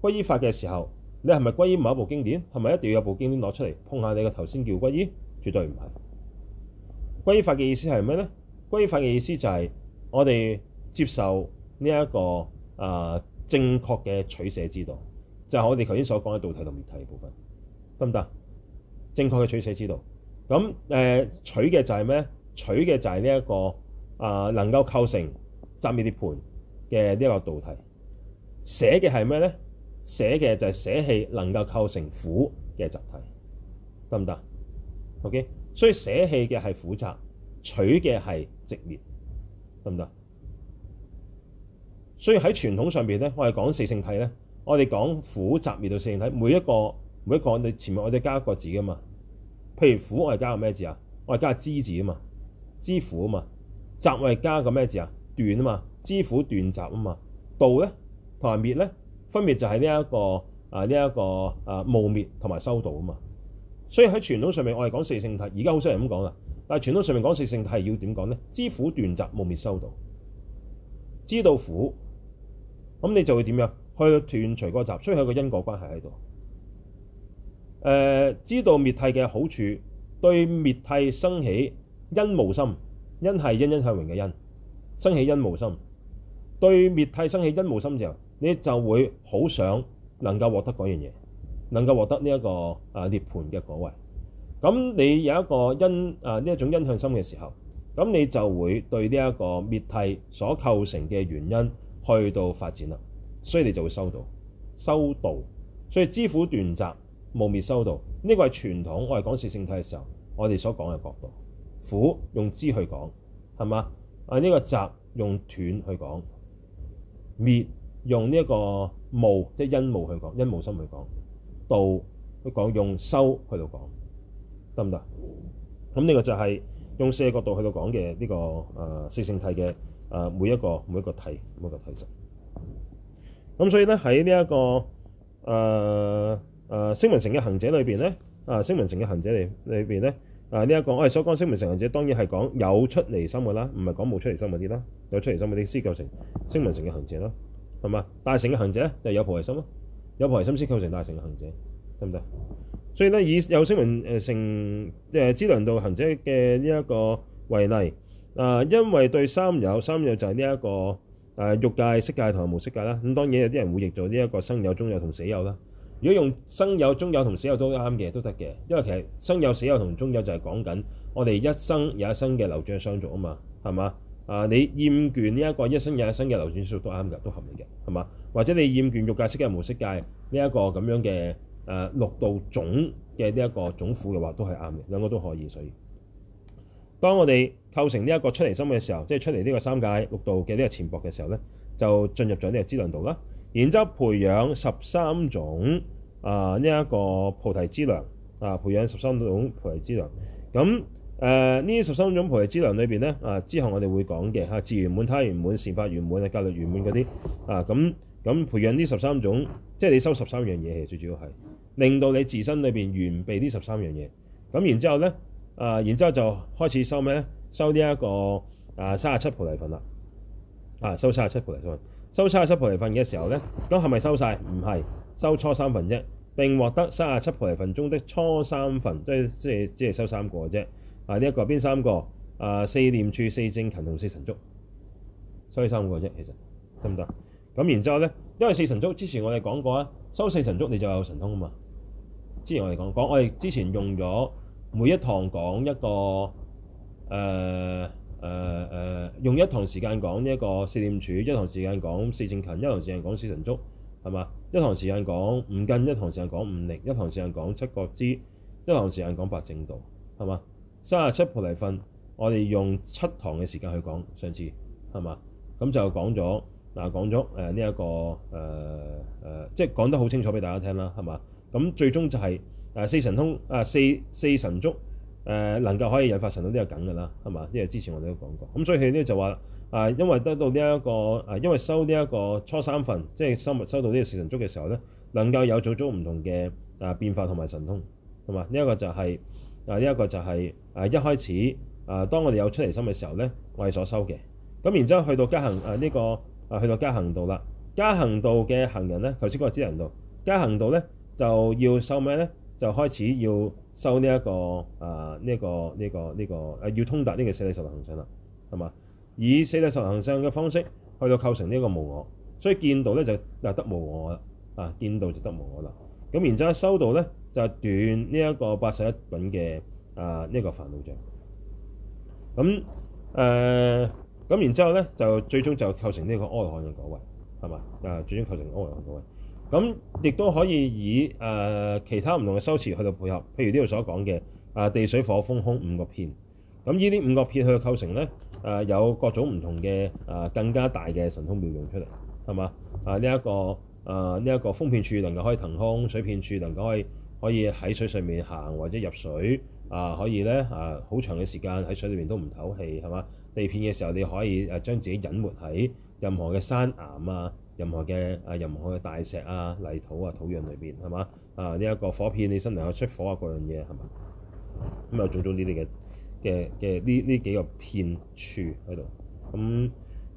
S1: 歸依法嘅時候。你係咪歸依某一部經典？係咪一定要有部經典攞出嚟碰下你個頭先叫歸依？絕對唔係。歸依法嘅意思係咩咧？歸依法嘅意思就係我哋接受呢、這、一個啊、呃、正確嘅取捨之道，就係、是、我哋頭先所講嘅道題同劣題部分，得唔得？正確嘅取捨之道。咁誒、呃、取嘅就係咩？取嘅就係呢一個啊、呃、能夠構成集滅涅盤嘅呢一個道題。寫嘅係咩咧？寫嘅就係捨棄，能夠構成苦嘅集體，得唔得？OK，所以捨棄嘅係苦集，取嘅係寂滅，得唔得？所以喺傳統上邊咧，我係講四聖諦咧，我哋講苦集滅到四聖諦，每一個每一個你前面我哋加一個字噶嘛，譬如苦我係加個咩字啊？我係加個知字啊嘛，知苦啊嘛，集我係加個咩字啊？斷啊嘛，知苦斷集啊嘛，道咧同埋滅咧。分別就係呢一個啊，呢、這、一個啊，慕滅同埋修道啊嘛。所以喺傳統上面，我哋講四聖諦。而家好少人咁講啊，但係傳統上面講四聖諦要點講咧？知苦斷集，慕滅修道，知道苦，咁你就會點樣去斷除嗰集？所以係個因果關係喺度。誒、呃，知道滅諦嘅好處，對滅諦生起欣慕心，欣係欣欣向榮嘅欣，生起欣慕心，對滅諦生起欣慕心就，你就會好想能夠獲得嗰樣嘢，能夠獲得呢一個啊涅槃嘅果位。咁你有一個因啊呢一種因向心嘅時候，咁你就會對呢一個滅諦所構成嘅原因去到發展啦。所以你就會修道修道。所以知苦斷集，慕滅修道。呢、這個係傳統。我哋講四聖諦嘅時候，我哋所講嘅角度苦用知去講係嘛啊？呢、這個集用斷去講滅。滅用呢一個無，即係因無去講，因無心去講道去講。修去講用修去到講得唔得？咁呢個就係用四個角度去到講嘅呢個誒、呃、四性體嘅誒、呃、每一個每一個體每一個體質。咁所以咧喺呢一、這個誒誒聲聞乘嘅行者裏邊咧，誒聲聞乘嘅行者嚟裏邊咧，誒呢一個我哋所講聲聞乘行」行者，當然係講有出離心嘅啦，唔係講冇出離心嗰啲啦。有出離心嗰啲先構成聲聞乘嘅行者咯。係嘛？大乘嘅行者咧，就係、有菩提心咯，有菩提心先構成大乘嘅行者，得唔得？所以咧，以有聲聞誒成誒資糧道行者嘅呢一個為例啊、呃，因為對三有，三有就係呢一個誒、呃、欲界、色界同埋無色界啦。咁當然有啲人會譯做呢一個生有、中有同死有啦。如果用生有、中有同死有都啱嘅，都得嘅，因為其實生有、死有同中有就係講緊我哋一生有一生嘅流轉相續啊嘛，係嘛？啊！你厭倦呢一個一生有一生嘅流轉數都啱嘅，都合理嘅，係嘛？或者你厭倦欲界色界無色界呢一個咁樣嘅誒、呃、六道總嘅呢一個總苦嘅話都是的，都係啱嘅，兩個都可以。所以當我哋構成呢一個出離心嘅時候，即係出離呢個三界六道嘅呢個淺薄嘅時候咧，就進入咗呢個資糧道啦。然之後培養十三種啊呢一個菩提資糧啊，培養十三種菩提資糧咁。誒、呃、呢十三種菩提資糧裏面咧，啊之後我哋會講嘅嚇，自圓滿、他圓滿、善法圓滿、啊、教律圓滿嗰啲啊，咁、啊、咁、啊、培養呢十三種，即係你收十三樣嘢，最主要係令到你自身裏面完備呢十三樣嘢。咁然之後咧，啊然之後、啊、後就開始收咩咧？收呢、這、一個啊三十七菩提分啦，啊收三十七菩提分，收三十七菩提分嘅時候咧，咁係咪收晒？唔係，收初三分啫，並獲得三十七菩提分中的初三分，即係即即係收三個啫。啊！呢、這、一個邊三個？啊、呃，四念處、四正勤同四神足，所以三個啫。其實得唔得？咁然之後咧，因為四神足之前我哋講過啊，修四神足你就有神通啊嘛。之前我哋講講，講我哋之前用咗每一堂講一個誒誒誒，用一堂時間講呢一個四念處，一堂時間講四正勤，一堂時間講四神足，係嘛？一堂時間講五根，一堂時間講五力，一堂時間講七覺支，一堂時間講八正道，係嘛？三十七菩提分，我哋用七堂嘅時間去講，上次係嘛？咁就講咗，嗱，講咗誒呢一個誒誒，即係講得好清楚俾大家聽啦，係嘛？咁最終就係誒四神通誒四四神足誒能夠可以引發神到啲嘅梗㗎啦，係嘛？呢個之前我哋都講過，咁所以佢咧就話誒，因為得到呢一個誒，因為收呢一個初三份，即係收物收到呢個四神足嘅時候咧，能夠有組足唔同嘅誒變化同埋神通，係嘛？呢一個就係。啊！呢、這、一個就係、是、啊，一開始啊，當我哋有出離心嘅時候咧，我係所修嘅。咁然之後去到加行啊，呢、這個啊，去到加行道啦。加行道嘅行人咧，頭先講係資糧道。加行道咧就要修咩咧？就開始要修呢、這、一個啊，呢、這個呢、這個呢、這個誒、啊，要通達呢個四諦十六行相啦，係嘛？以四諦十六行相嘅方式去到構成呢一個無我。所以見道咧就嗱、啊、得無我啦，啊見道就得無我啦。咁然之後修道咧。就斷呢一個八十一品嘅啊呢一、這個煩惱象咁，誒咁，然之後咧就最終就構成呢個阿羅漢嘅果位係嘛？啊，最終構成阿羅漢嘅果位咁，亦都可以以誒、啊、其他唔同嘅修持去到配合，譬如呢度所講嘅啊地水火風空五個遍咁，呢啲五個遍去到構成咧誒、啊、有各種唔同嘅啊更加大嘅神通妙用出嚟係嘛？啊呢一、這個啊呢一、這個風遍處能夠可以騰空，水遍處能夠可以。可以喺水上面行，或者入水啊、呃，可以咧啊，好長嘅時間喺水裏面都唔唞氣，係嘛？地遍嘅時候，你可以誒、啊、將自己隱沒喺任何嘅山岩啊、任何嘅啊、任何嘅大石啊、泥土啊、土壤裏邊，係嘛？啊，呢、這、一個火遍，你身嚟可出火啊，嗰樣嘢係嘛？咁啊，就做咗呢啲嘅嘅嘅呢呢幾個遍處喺度咁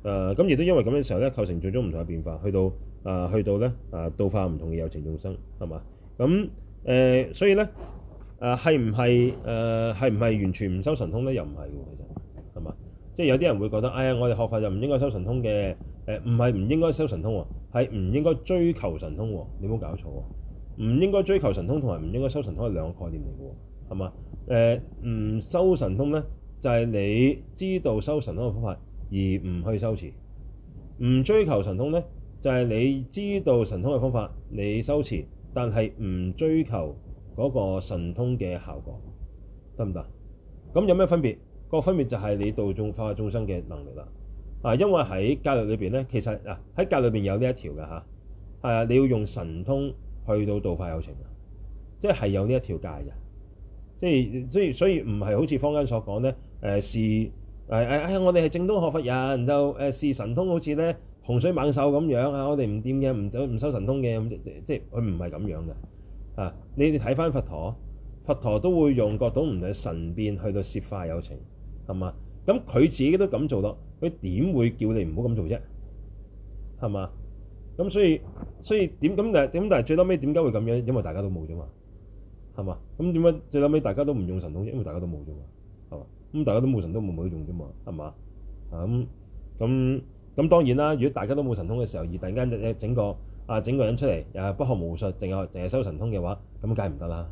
S1: 誒，咁亦都因為咁嘅時候咧，構成最終唔同嘅變化，去到啊、呃，去到咧啊，度、呃、化唔同嘅有情眾生係嘛？咁。誒、呃，所以咧，誒係唔係，誒係唔係完全唔修神通咧？又唔係嘅，其實係嘛，即係有啲人會覺得，哎呀，我哋學法就唔應該修神通嘅。誒、呃，唔係唔應該修神通，係唔應該追求神通。你冇搞錯喎，唔應該追求神通同埋唔應該修神通係兩個概念嚟嘅，係嘛？誒、呃，唔修神通咧，就係、是、你知道修神通嘅方法而唔去修持；唔追求神通咧，就係、是、你知道神通嘅方法，你修持。但係唔追求嗰個神通嘅效果，得唔得？咁有咩分別？個分別就係你度眾化眾生嘅能力啦。啊，因為喺戒律裏邊咧，其實啊喺戒裏邊有呢一條嘅嚇，係啊，你要用神通去到度化有情，即、就、係、是、有呢一條戒嘅。即係所以所以唔係好似坊間所講咧，誒、呃哎哎、是誒誒誒我哋係正宗學佛人，就誒是神通好像呢，好似咧。洪水猛獸咁樣啊！我哋唔掂嘅，唔唔收神通嘅，即即即佢唔係咁樣嘅啊！你哋睇翻佛陀，佛陀都會用各種唔同神變去到攝化有情，係嘛？咁佢自己都咁做咯，佢點會叫你唔好咁做啫？係嘛？咁所以所以點咁但係點但係最撚尾點解會咁樣？因為大家都冇啫嘛，係嘛？咁點解最撚尾大家都唔用神通？因為大家都冇啫嘛，係嘛？咁大家都冇神通，冇冇用啫嘛，係嘛？啊咁咁。咁當然啦，如果大家都冇神通嘅時候，而突然間整個啊整個人出嚟，又係不學無術，淨係淨係修神通嘅話，咁梗係唔得啦，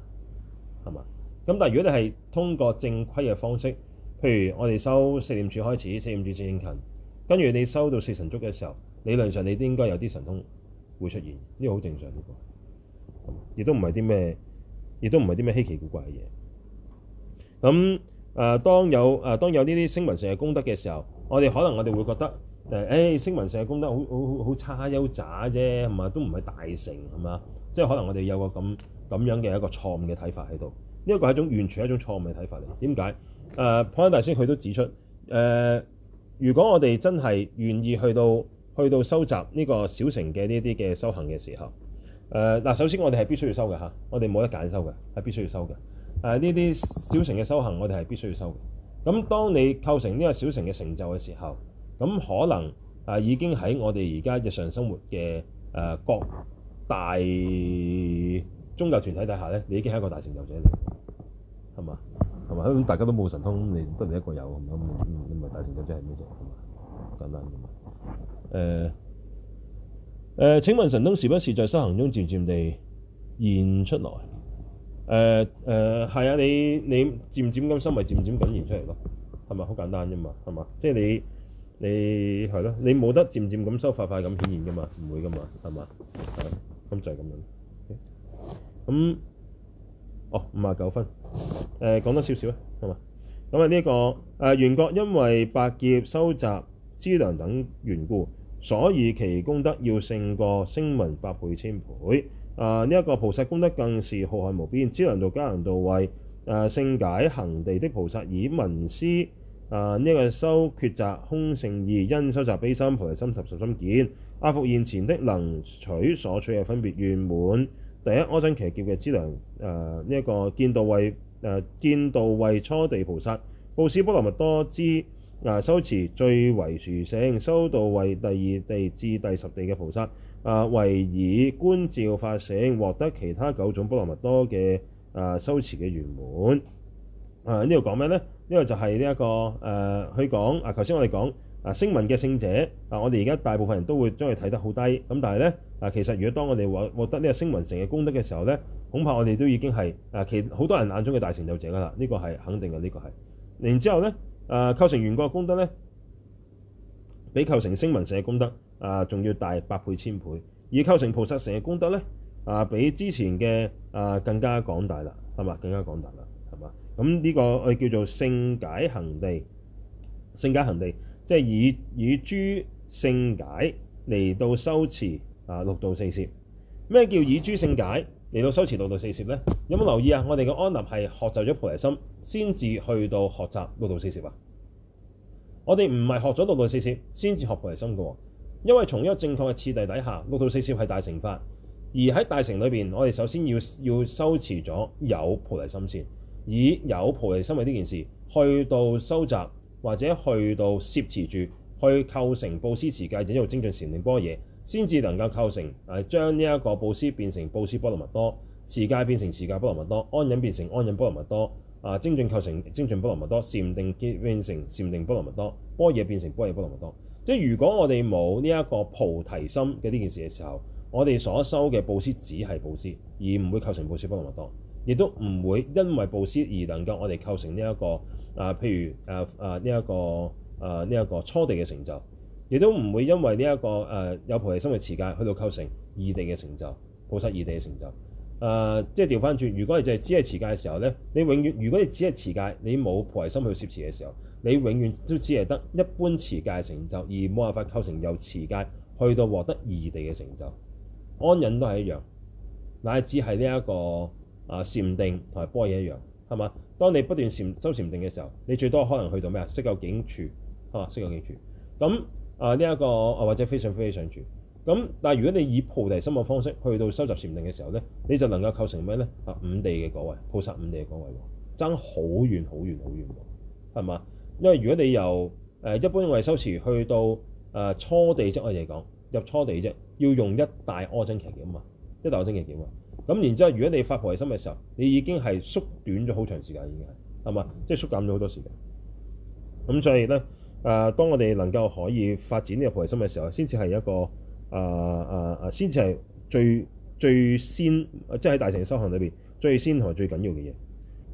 S1: 係嘛？咁但係如果你係通過正規嘅方式，譬如我哋修四念處開始，四念處四正勤，跟住你修到四神足嘅時候，理論上你都應該有啲神通會出現，呢個好正常，亦都唔係啲咩，亦都唔係啲咩稀奇古怪嘅嘢。咁誒、啊，當有誒、啊、當有呢啲聲聞上嘅功德嘅時候，我哋可能我哋會覺得。誒，誒，聲聞乘嘅功德好好好差優渣啫，係嘛？都唔係大乘，係嘛？即係可能我哋有個咁咁樣嘅一個錯誤嘅睇法喺度。呢、這、一個係一種完全係一種錯誤嘅睇法嚟。點解？誒、呃，帕繃喀大師佢都指出誒、呃，如果我哋真係願意去到去到收集呢個小乘嘅呢啲嘅修行嘅時候，誒、呃、嗱，首先我哋係必須要修嘅嚇，我哋冇得揀修嘅係必須要修嘅。誒呢啲小乘嘅修行，我哋係必須要修的。嘅。咁當你構成呢個小乘嘅成就嘅時候。咁、嗯、可能、啊、已經喺我哋而家日常生活嘅、呃、各大宗教團體底下咧，你已經係一個大成就者嚟，係嘛？係嘛？咁大家都冇神通，你得嚟一個有咁，你咪大成就者係咩啫？咁啊，簡單啫嘛。誒誒、呃呃，請問神通是不是在修行中漸漸地現出來？誒、呃、誒，係、呃、啊，你你漸漸咁心咪漸漸咁現出嚟咯，係咪好簡單啫嘛？係嘛吧，即係你。你係咯，你冇得漸漸咁收快快咁顯現噶嘛，唔會噶嘛，係嘛？咁就係、是、咁樣。咁、okay? 嗯，哦五啊九分。誒、呃、講多少少啊，係嘛？咁啊呢一個、呃、緣覺因為百劫收集資糧等緣故，所以其功德要勝過聲聞百倍千倍。啊呢一個菩薩功德更是浩瀚無邊，資糧道加行道為誒勝、呃、解行地的菩薩以聞思。啊！呢、這個修抉擇空性義，因修習悲心、菩提心、甚深見，壓伏現前的能取、所取嘅分別，圓滿第一阿僧祗劫嘅資糧，誒呢一個見道位誒見道位初地菩薩，布施波羅蜜多之誒、啊、修持最為殊勝，修道位第二地至第十地嘅菩薩，誒、啊、為以觀照法性獲得其他九種波羅蜜多嘅誒、啊、修持嘅圓滿。啊！呢度講咩咧？呢個就係呢一個誒，去講啊！頭先我哋講啊，聲聞嘅聖者啊，我哋而家大部分人都會將佢睇得好低。咁但係咧啊，其實如果當我哋獲、獲得呢個聲聞乘嘅功德嘅時候咧，恐怕我哋都已經係啊其好多人眼中嘅大成就者噶啦。呢個係肯定嘅，呢個係。然之後咧啊，構成緣覺乘嘅功德咧，比構成聲聞乘嘅功德啊，仲要大百倍千倍。而構成菩薩乘嘅功德咧啊，比之前嘅啊更加廣大啦，係嘛？更加廣大啦。咁呢個我哋叫做勝解行地，勝解行地即係以以諸勝解嚟到修持啊六度四攝。咩叫以諸勝解嚟到修持六度四攝咧？有冇留意啊？我哋嘅安立係學習咗菩提心先至去到學習六度四攝啊。我哋唔係學咗六度四攝先至學菩提心喎、啊，因為從一個正確嘅次第底下，六度四攝係大乘法，而喺大乘裏面，我哋首先要要修持咗有菩提心先。以有菩提心為呢件事，去到收集，或者去到攝持住去構成布施、持戒、忍辱精進禪、禪定、般若，先至能夠構成誒、啊、將呢一個布施變成布施波羅蜜多，持戒變成持戒波羅蜜多，安忍變成安忍波羅蜜多，啊、精進構成精進波羅蜜多，禪定結變成禪定波羅蜜多，般若變成般若波羅蜜多。即係如果我哋冇呢一個菩提心嘅呢件事嘅時候，我哋所修嘅布施只係布施，而唔會構成布施波羅蜜多。亦都唔會因為布施而能夠我哋構成呢、這、一個啊，譬如啊啊呢一、這個啊呢一、這個初地嘅成就，亦都唔會因為呢、這、一個誒、啊、有菩提心嘅持戒去到構成二地嘅成就，布施二地嘅成就。誒、啊、即係調返轉，如果你就係只係持戒嘅時候咧，你永遠如果你只係持戒，你冇菩提心去攝持嘅時候，你永遠都只係得一般持戒嘅成就，而冇辦法構成由持戒去到獲得二地嘅成就。安忍都係一樣，乃至係呢一個。啊，禪定同埋波嘢一樣，係嘛？當你不斷禪修禪定嘅時候，你最多可能去到咩啊？色究竟處，啊，色究竟處。咁啊呢一、這個啊或者非常非常處。咁但係如果你以菩提心嘅方式去到收集禪定嘅時候咧，你就能夠構成咩咧？啊，五地嘅果位，菩薩五地嘅果位，爭好遠好遠好遠喎，係嘛？因為如果你由誒、呃、一般我哋修持去到啊、呃、初地啫，我哋講入初地啫，要用一大阿僧祇劫啊嘛，一大阿僧祇劫啊。咁然之後，如果你發菩提心嘅時候，你已經係縮短咗好長時間，已經係係嘛，即係縮減咗好多時間。咁所以咧，誒，當我哋能夠可以發展呢個菩提心嘅時候，先至係一個誒誒誒，先至係最最先，即係喺大乘修行裏邊最先同最緊要嘅嘢。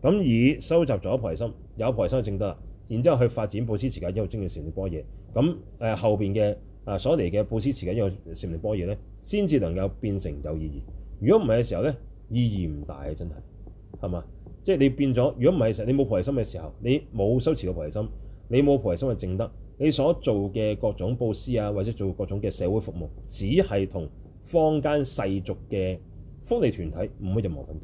S1: 咁而收集咗菩提心，有菩提心證得，然之後去發展布施時間之後，精進成波嘢。咁誒後邊嘅誒所謂嘅布施時間之後，成波嘢咧，先至能夠變成有意義。如果唔係嘅時候咧，意義唔大，真係，係嘛？即係你變咗。如果唔係實，你冇菩提心嘅時候，你冇修持個菩提心，你冇菩提心嘅正德，你所做嘅各種布施啊，或者做各種嘅社會服務，只係同坊間世俗嘅福利團體冇乜任何分別。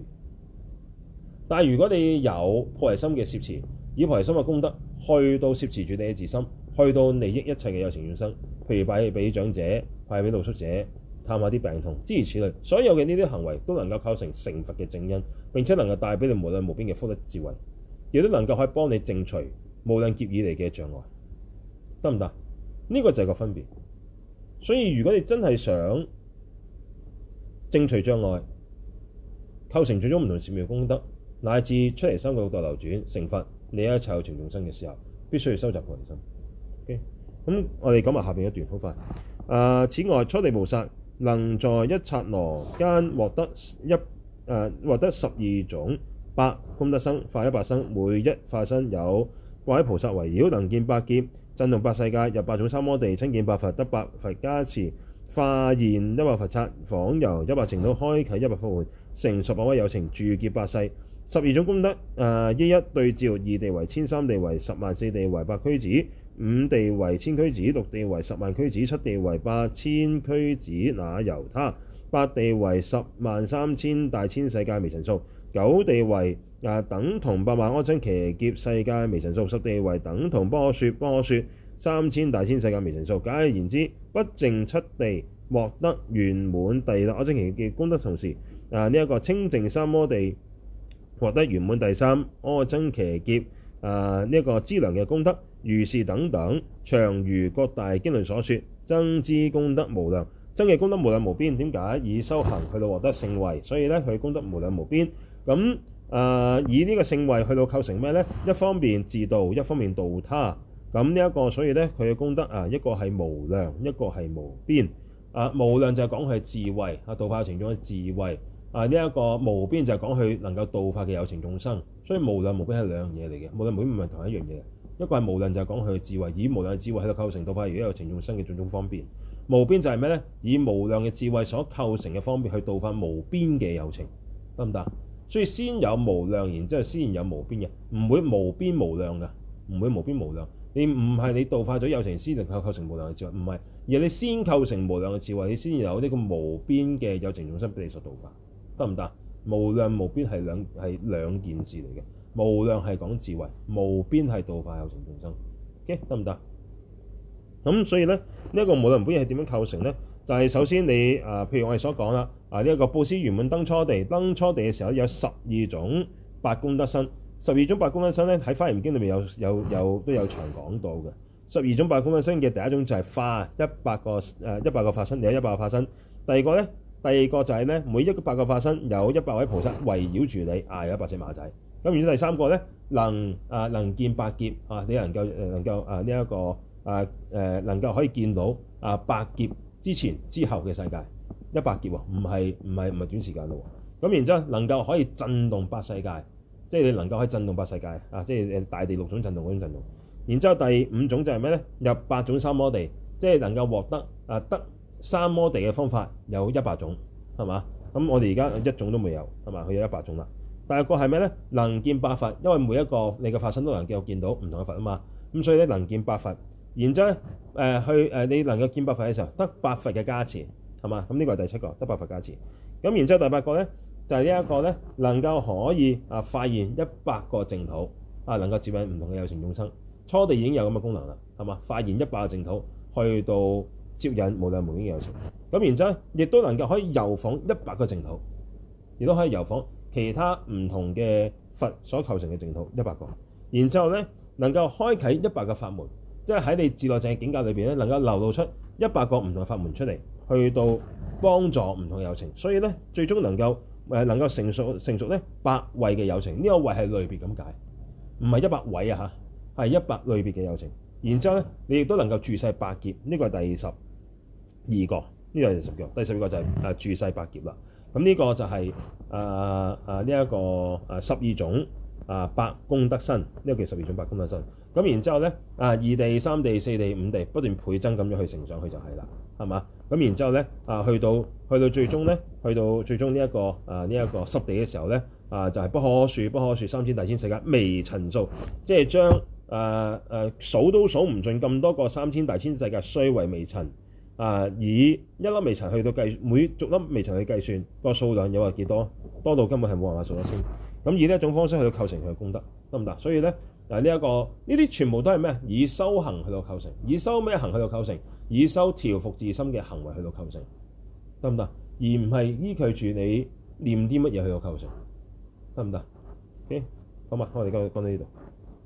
S1: 但係如果你有菩提心嘅涉持，以菩提心嘅功德去到涉持住你嘅自心，去到利益一切嘅有情眾生，譬如派去俾長者，派去俾露宿者。探下啲病痛，諸如此類，所有嘅呢啲行為都能夠構成成佛嘅正因，並且能夠帶俾你無量無邊嘅福德智慧，亦都能夠可以幫你淨除無量劫以嚟嘅障礙，得唔得？呢、呢個就係個分別。所以如果你真係想淨除障礙，構成最終唔同善妙功德，乃至出嚟三個六道流轉成佛，你一切有情眾生嘅時候，必須要收集菩提心。咁我哋講埋下邊一段好快。誒、呃，此外，初地菩薩。能在一剎那間獲得一誒、呃、獲得十二種百功德，生化一百身，每一化身有百位菩薩圍繞，能見百劫，震動百世界，入百種三摩地，親見百佛，得百佛加持，化現一百佛剎，訪遊一百淨土，開啟一百法門，成熟百位有情，住劫百世。十二種功德誒一、呃、一對照，二地為千三地為十萬四地為百俱胝。五地為千俱胝，六地為十萬俱胝，七地為百千俱胝，那、啊、由他。八地為十萬三千大千世界微塵數。九地為啊等同百萬阿僧祗劫世界微塵數。十地為等同不可說不可說，不可說三千大千世界微塵數。簡言之，不淨七地獲得圓滿第二。阿、啊、僧祗劫功德同時啊呢一、這個清淨三摩地獲得圓滿第三。阿僧祗劫啊！呢、這個個資糧嘅功德如是等等，詳如各大經論所說，僧之功德無量，僧嘅功德無量無邊。點解？以修行去到獲得聖位，所以咧佢功德無量無邊。咁、嗯、啊，以呢個聖位去到構成咩呢？一方面自度，一方面度他。咁呢一個，所以咧佢嘅功德啊，一個係無量，一個係無邊。啊，無量就係講係智慧，啊度化嘅程度係智慧。啊！呢、這、一個無邊就係講佢能夠度化嘅有情眾生，所以無量無邊係兩樣嘢嚟嘅，無量無邊唔係同一樣嘢。一個係無量就係講佢嘅智慧，以無量嘅智慧喺度構成度化而家有情眾生嘅種種方便。無邊就係咩呢？以無量嘅智慧所構成嘅方便去度化無邊嘅有情，得唔得？所以先有無量，然之後先有無邊嘅，唔會無邊無量㗎，唔會無邊無量。你唔係你度化咗有情先能夠構成無量嘅智慧，唔係而你先構成無量嘅智慧，你先有呢個無邊嘅有情眾生俾你所度化。得唔得？無量無邊係兩係兩件事嚟嘅。無量係講智慧，無邊係度化有情眾生。O K，得唔得？咁所以咧，呢、這、一個無量無邊係點樣構成咧？就係、是、首先你誒、呃，譬如我哋所講啦，啊呢一、這個布施圓滿登初地，登初地嘅時候有十二種百功德身，十二種百功德身咧喺《華嚴經》裏面有有有都有常講到嘅。十二種百功德身嘅第一種就係化，一百個誒、呃、一百個化身，有一百個化身。第二個咧。第二個就係咩？每一個百個化身，有一百位菩薩圍繞住你，嗌、啊、一百隻馬仔。咁然之後第三個咧，能啊能見百劫啊，你能夠、呃、能夠啊呢一、這個啊誒、呃、能夠可以見到啊百劫之前之後嘅世界，一百劫喎，唔係唔係唔係短時間咯。咁、啊、然之後能夠可以震動百世界，啊、即係你能夠可以震動百世界啊，即係大地六種震動嗰種震動。然之後第五種就係咩咧？入百種三摩地，即係能夠獲得啊得。啊得三摩地嘅方法有一百種，係嘛？咁我哋而家一種都未有，係嘛？佢有一百種啦。第六個係咩咧？能見百佛，因為每一個你嘅化身都能夠見到唔同嘅佛啊嘛。咁所以咧，能見百佛，然之後誒、呃、去誒、呃、你能夠見百佛嘅時候，得百佛嘅加持，係嘛？咁呢個係第七個，得百佛加持。咁然之後第八個咧就係、是、呢一個咧能夠可以啊發現一百個淨土啊，能夠接引唔同嘅有情眾生。初地已經有咁嘅功能啦，係嘛？發現一百個淨土，去到。接引無量無邊嘅有情，咁然之後咧亦都能夠可以遊訪一百個淨土，亦都可以遊訪其他唔同嘅佛所構成嘅淨土一百個，然之後咧能夠開啟一百個法門，即係喺你自內淨嘅境界裏邊咧，能夠流露出一百個唔同法門出嚟，去到幫助唔同嘅有情，所以咧最終能夠誒能夠成熟成熟咧百位嘅有情，呢個位係類別咁解，唔係一百位啊嚇，係一百類別嘅有情，然之後咧你亦都能夠住世百劫，呢個係第十。二個，呢、這個係十個。第十二個就係、是、誒、啊、住世百劫啦。咁、啊、呢、這個就係誒誒呢一個誒十二種誒、啊、百功德身。呢、這個其實十二種百功德身。咁然之後咧，啊，呢啊二地、三地、四地、五地不斷倍增咁樣去成長去就係啦，係嘛？咁然之後咧，啊，呢啊去到去到最終咧，去到最終呢一、這個誒呢一個十地嘅時候咧，啊就係、是、不可說、不可說。三千大千世界微塵數，即係將誒誒數都數唔盡咁多個三千大千世界雖為微塵。啊！以一粒微塵去到計，每逐粒微塵去計算個數量，有話幾多？多到根本係冇辦法數得清。咁以呢一種方式去到構成佢嘅功德，得唔得？所以咧，誒呢一個呢啲全部都係咩？以修行去到構成，以修咩行去到構成，以修調伏自心嘅行為去到構成，得唔得？而唔係依據住你念啲乜嘢去到構成，得唔得？OK，好嘛，我哋今日講到呢度。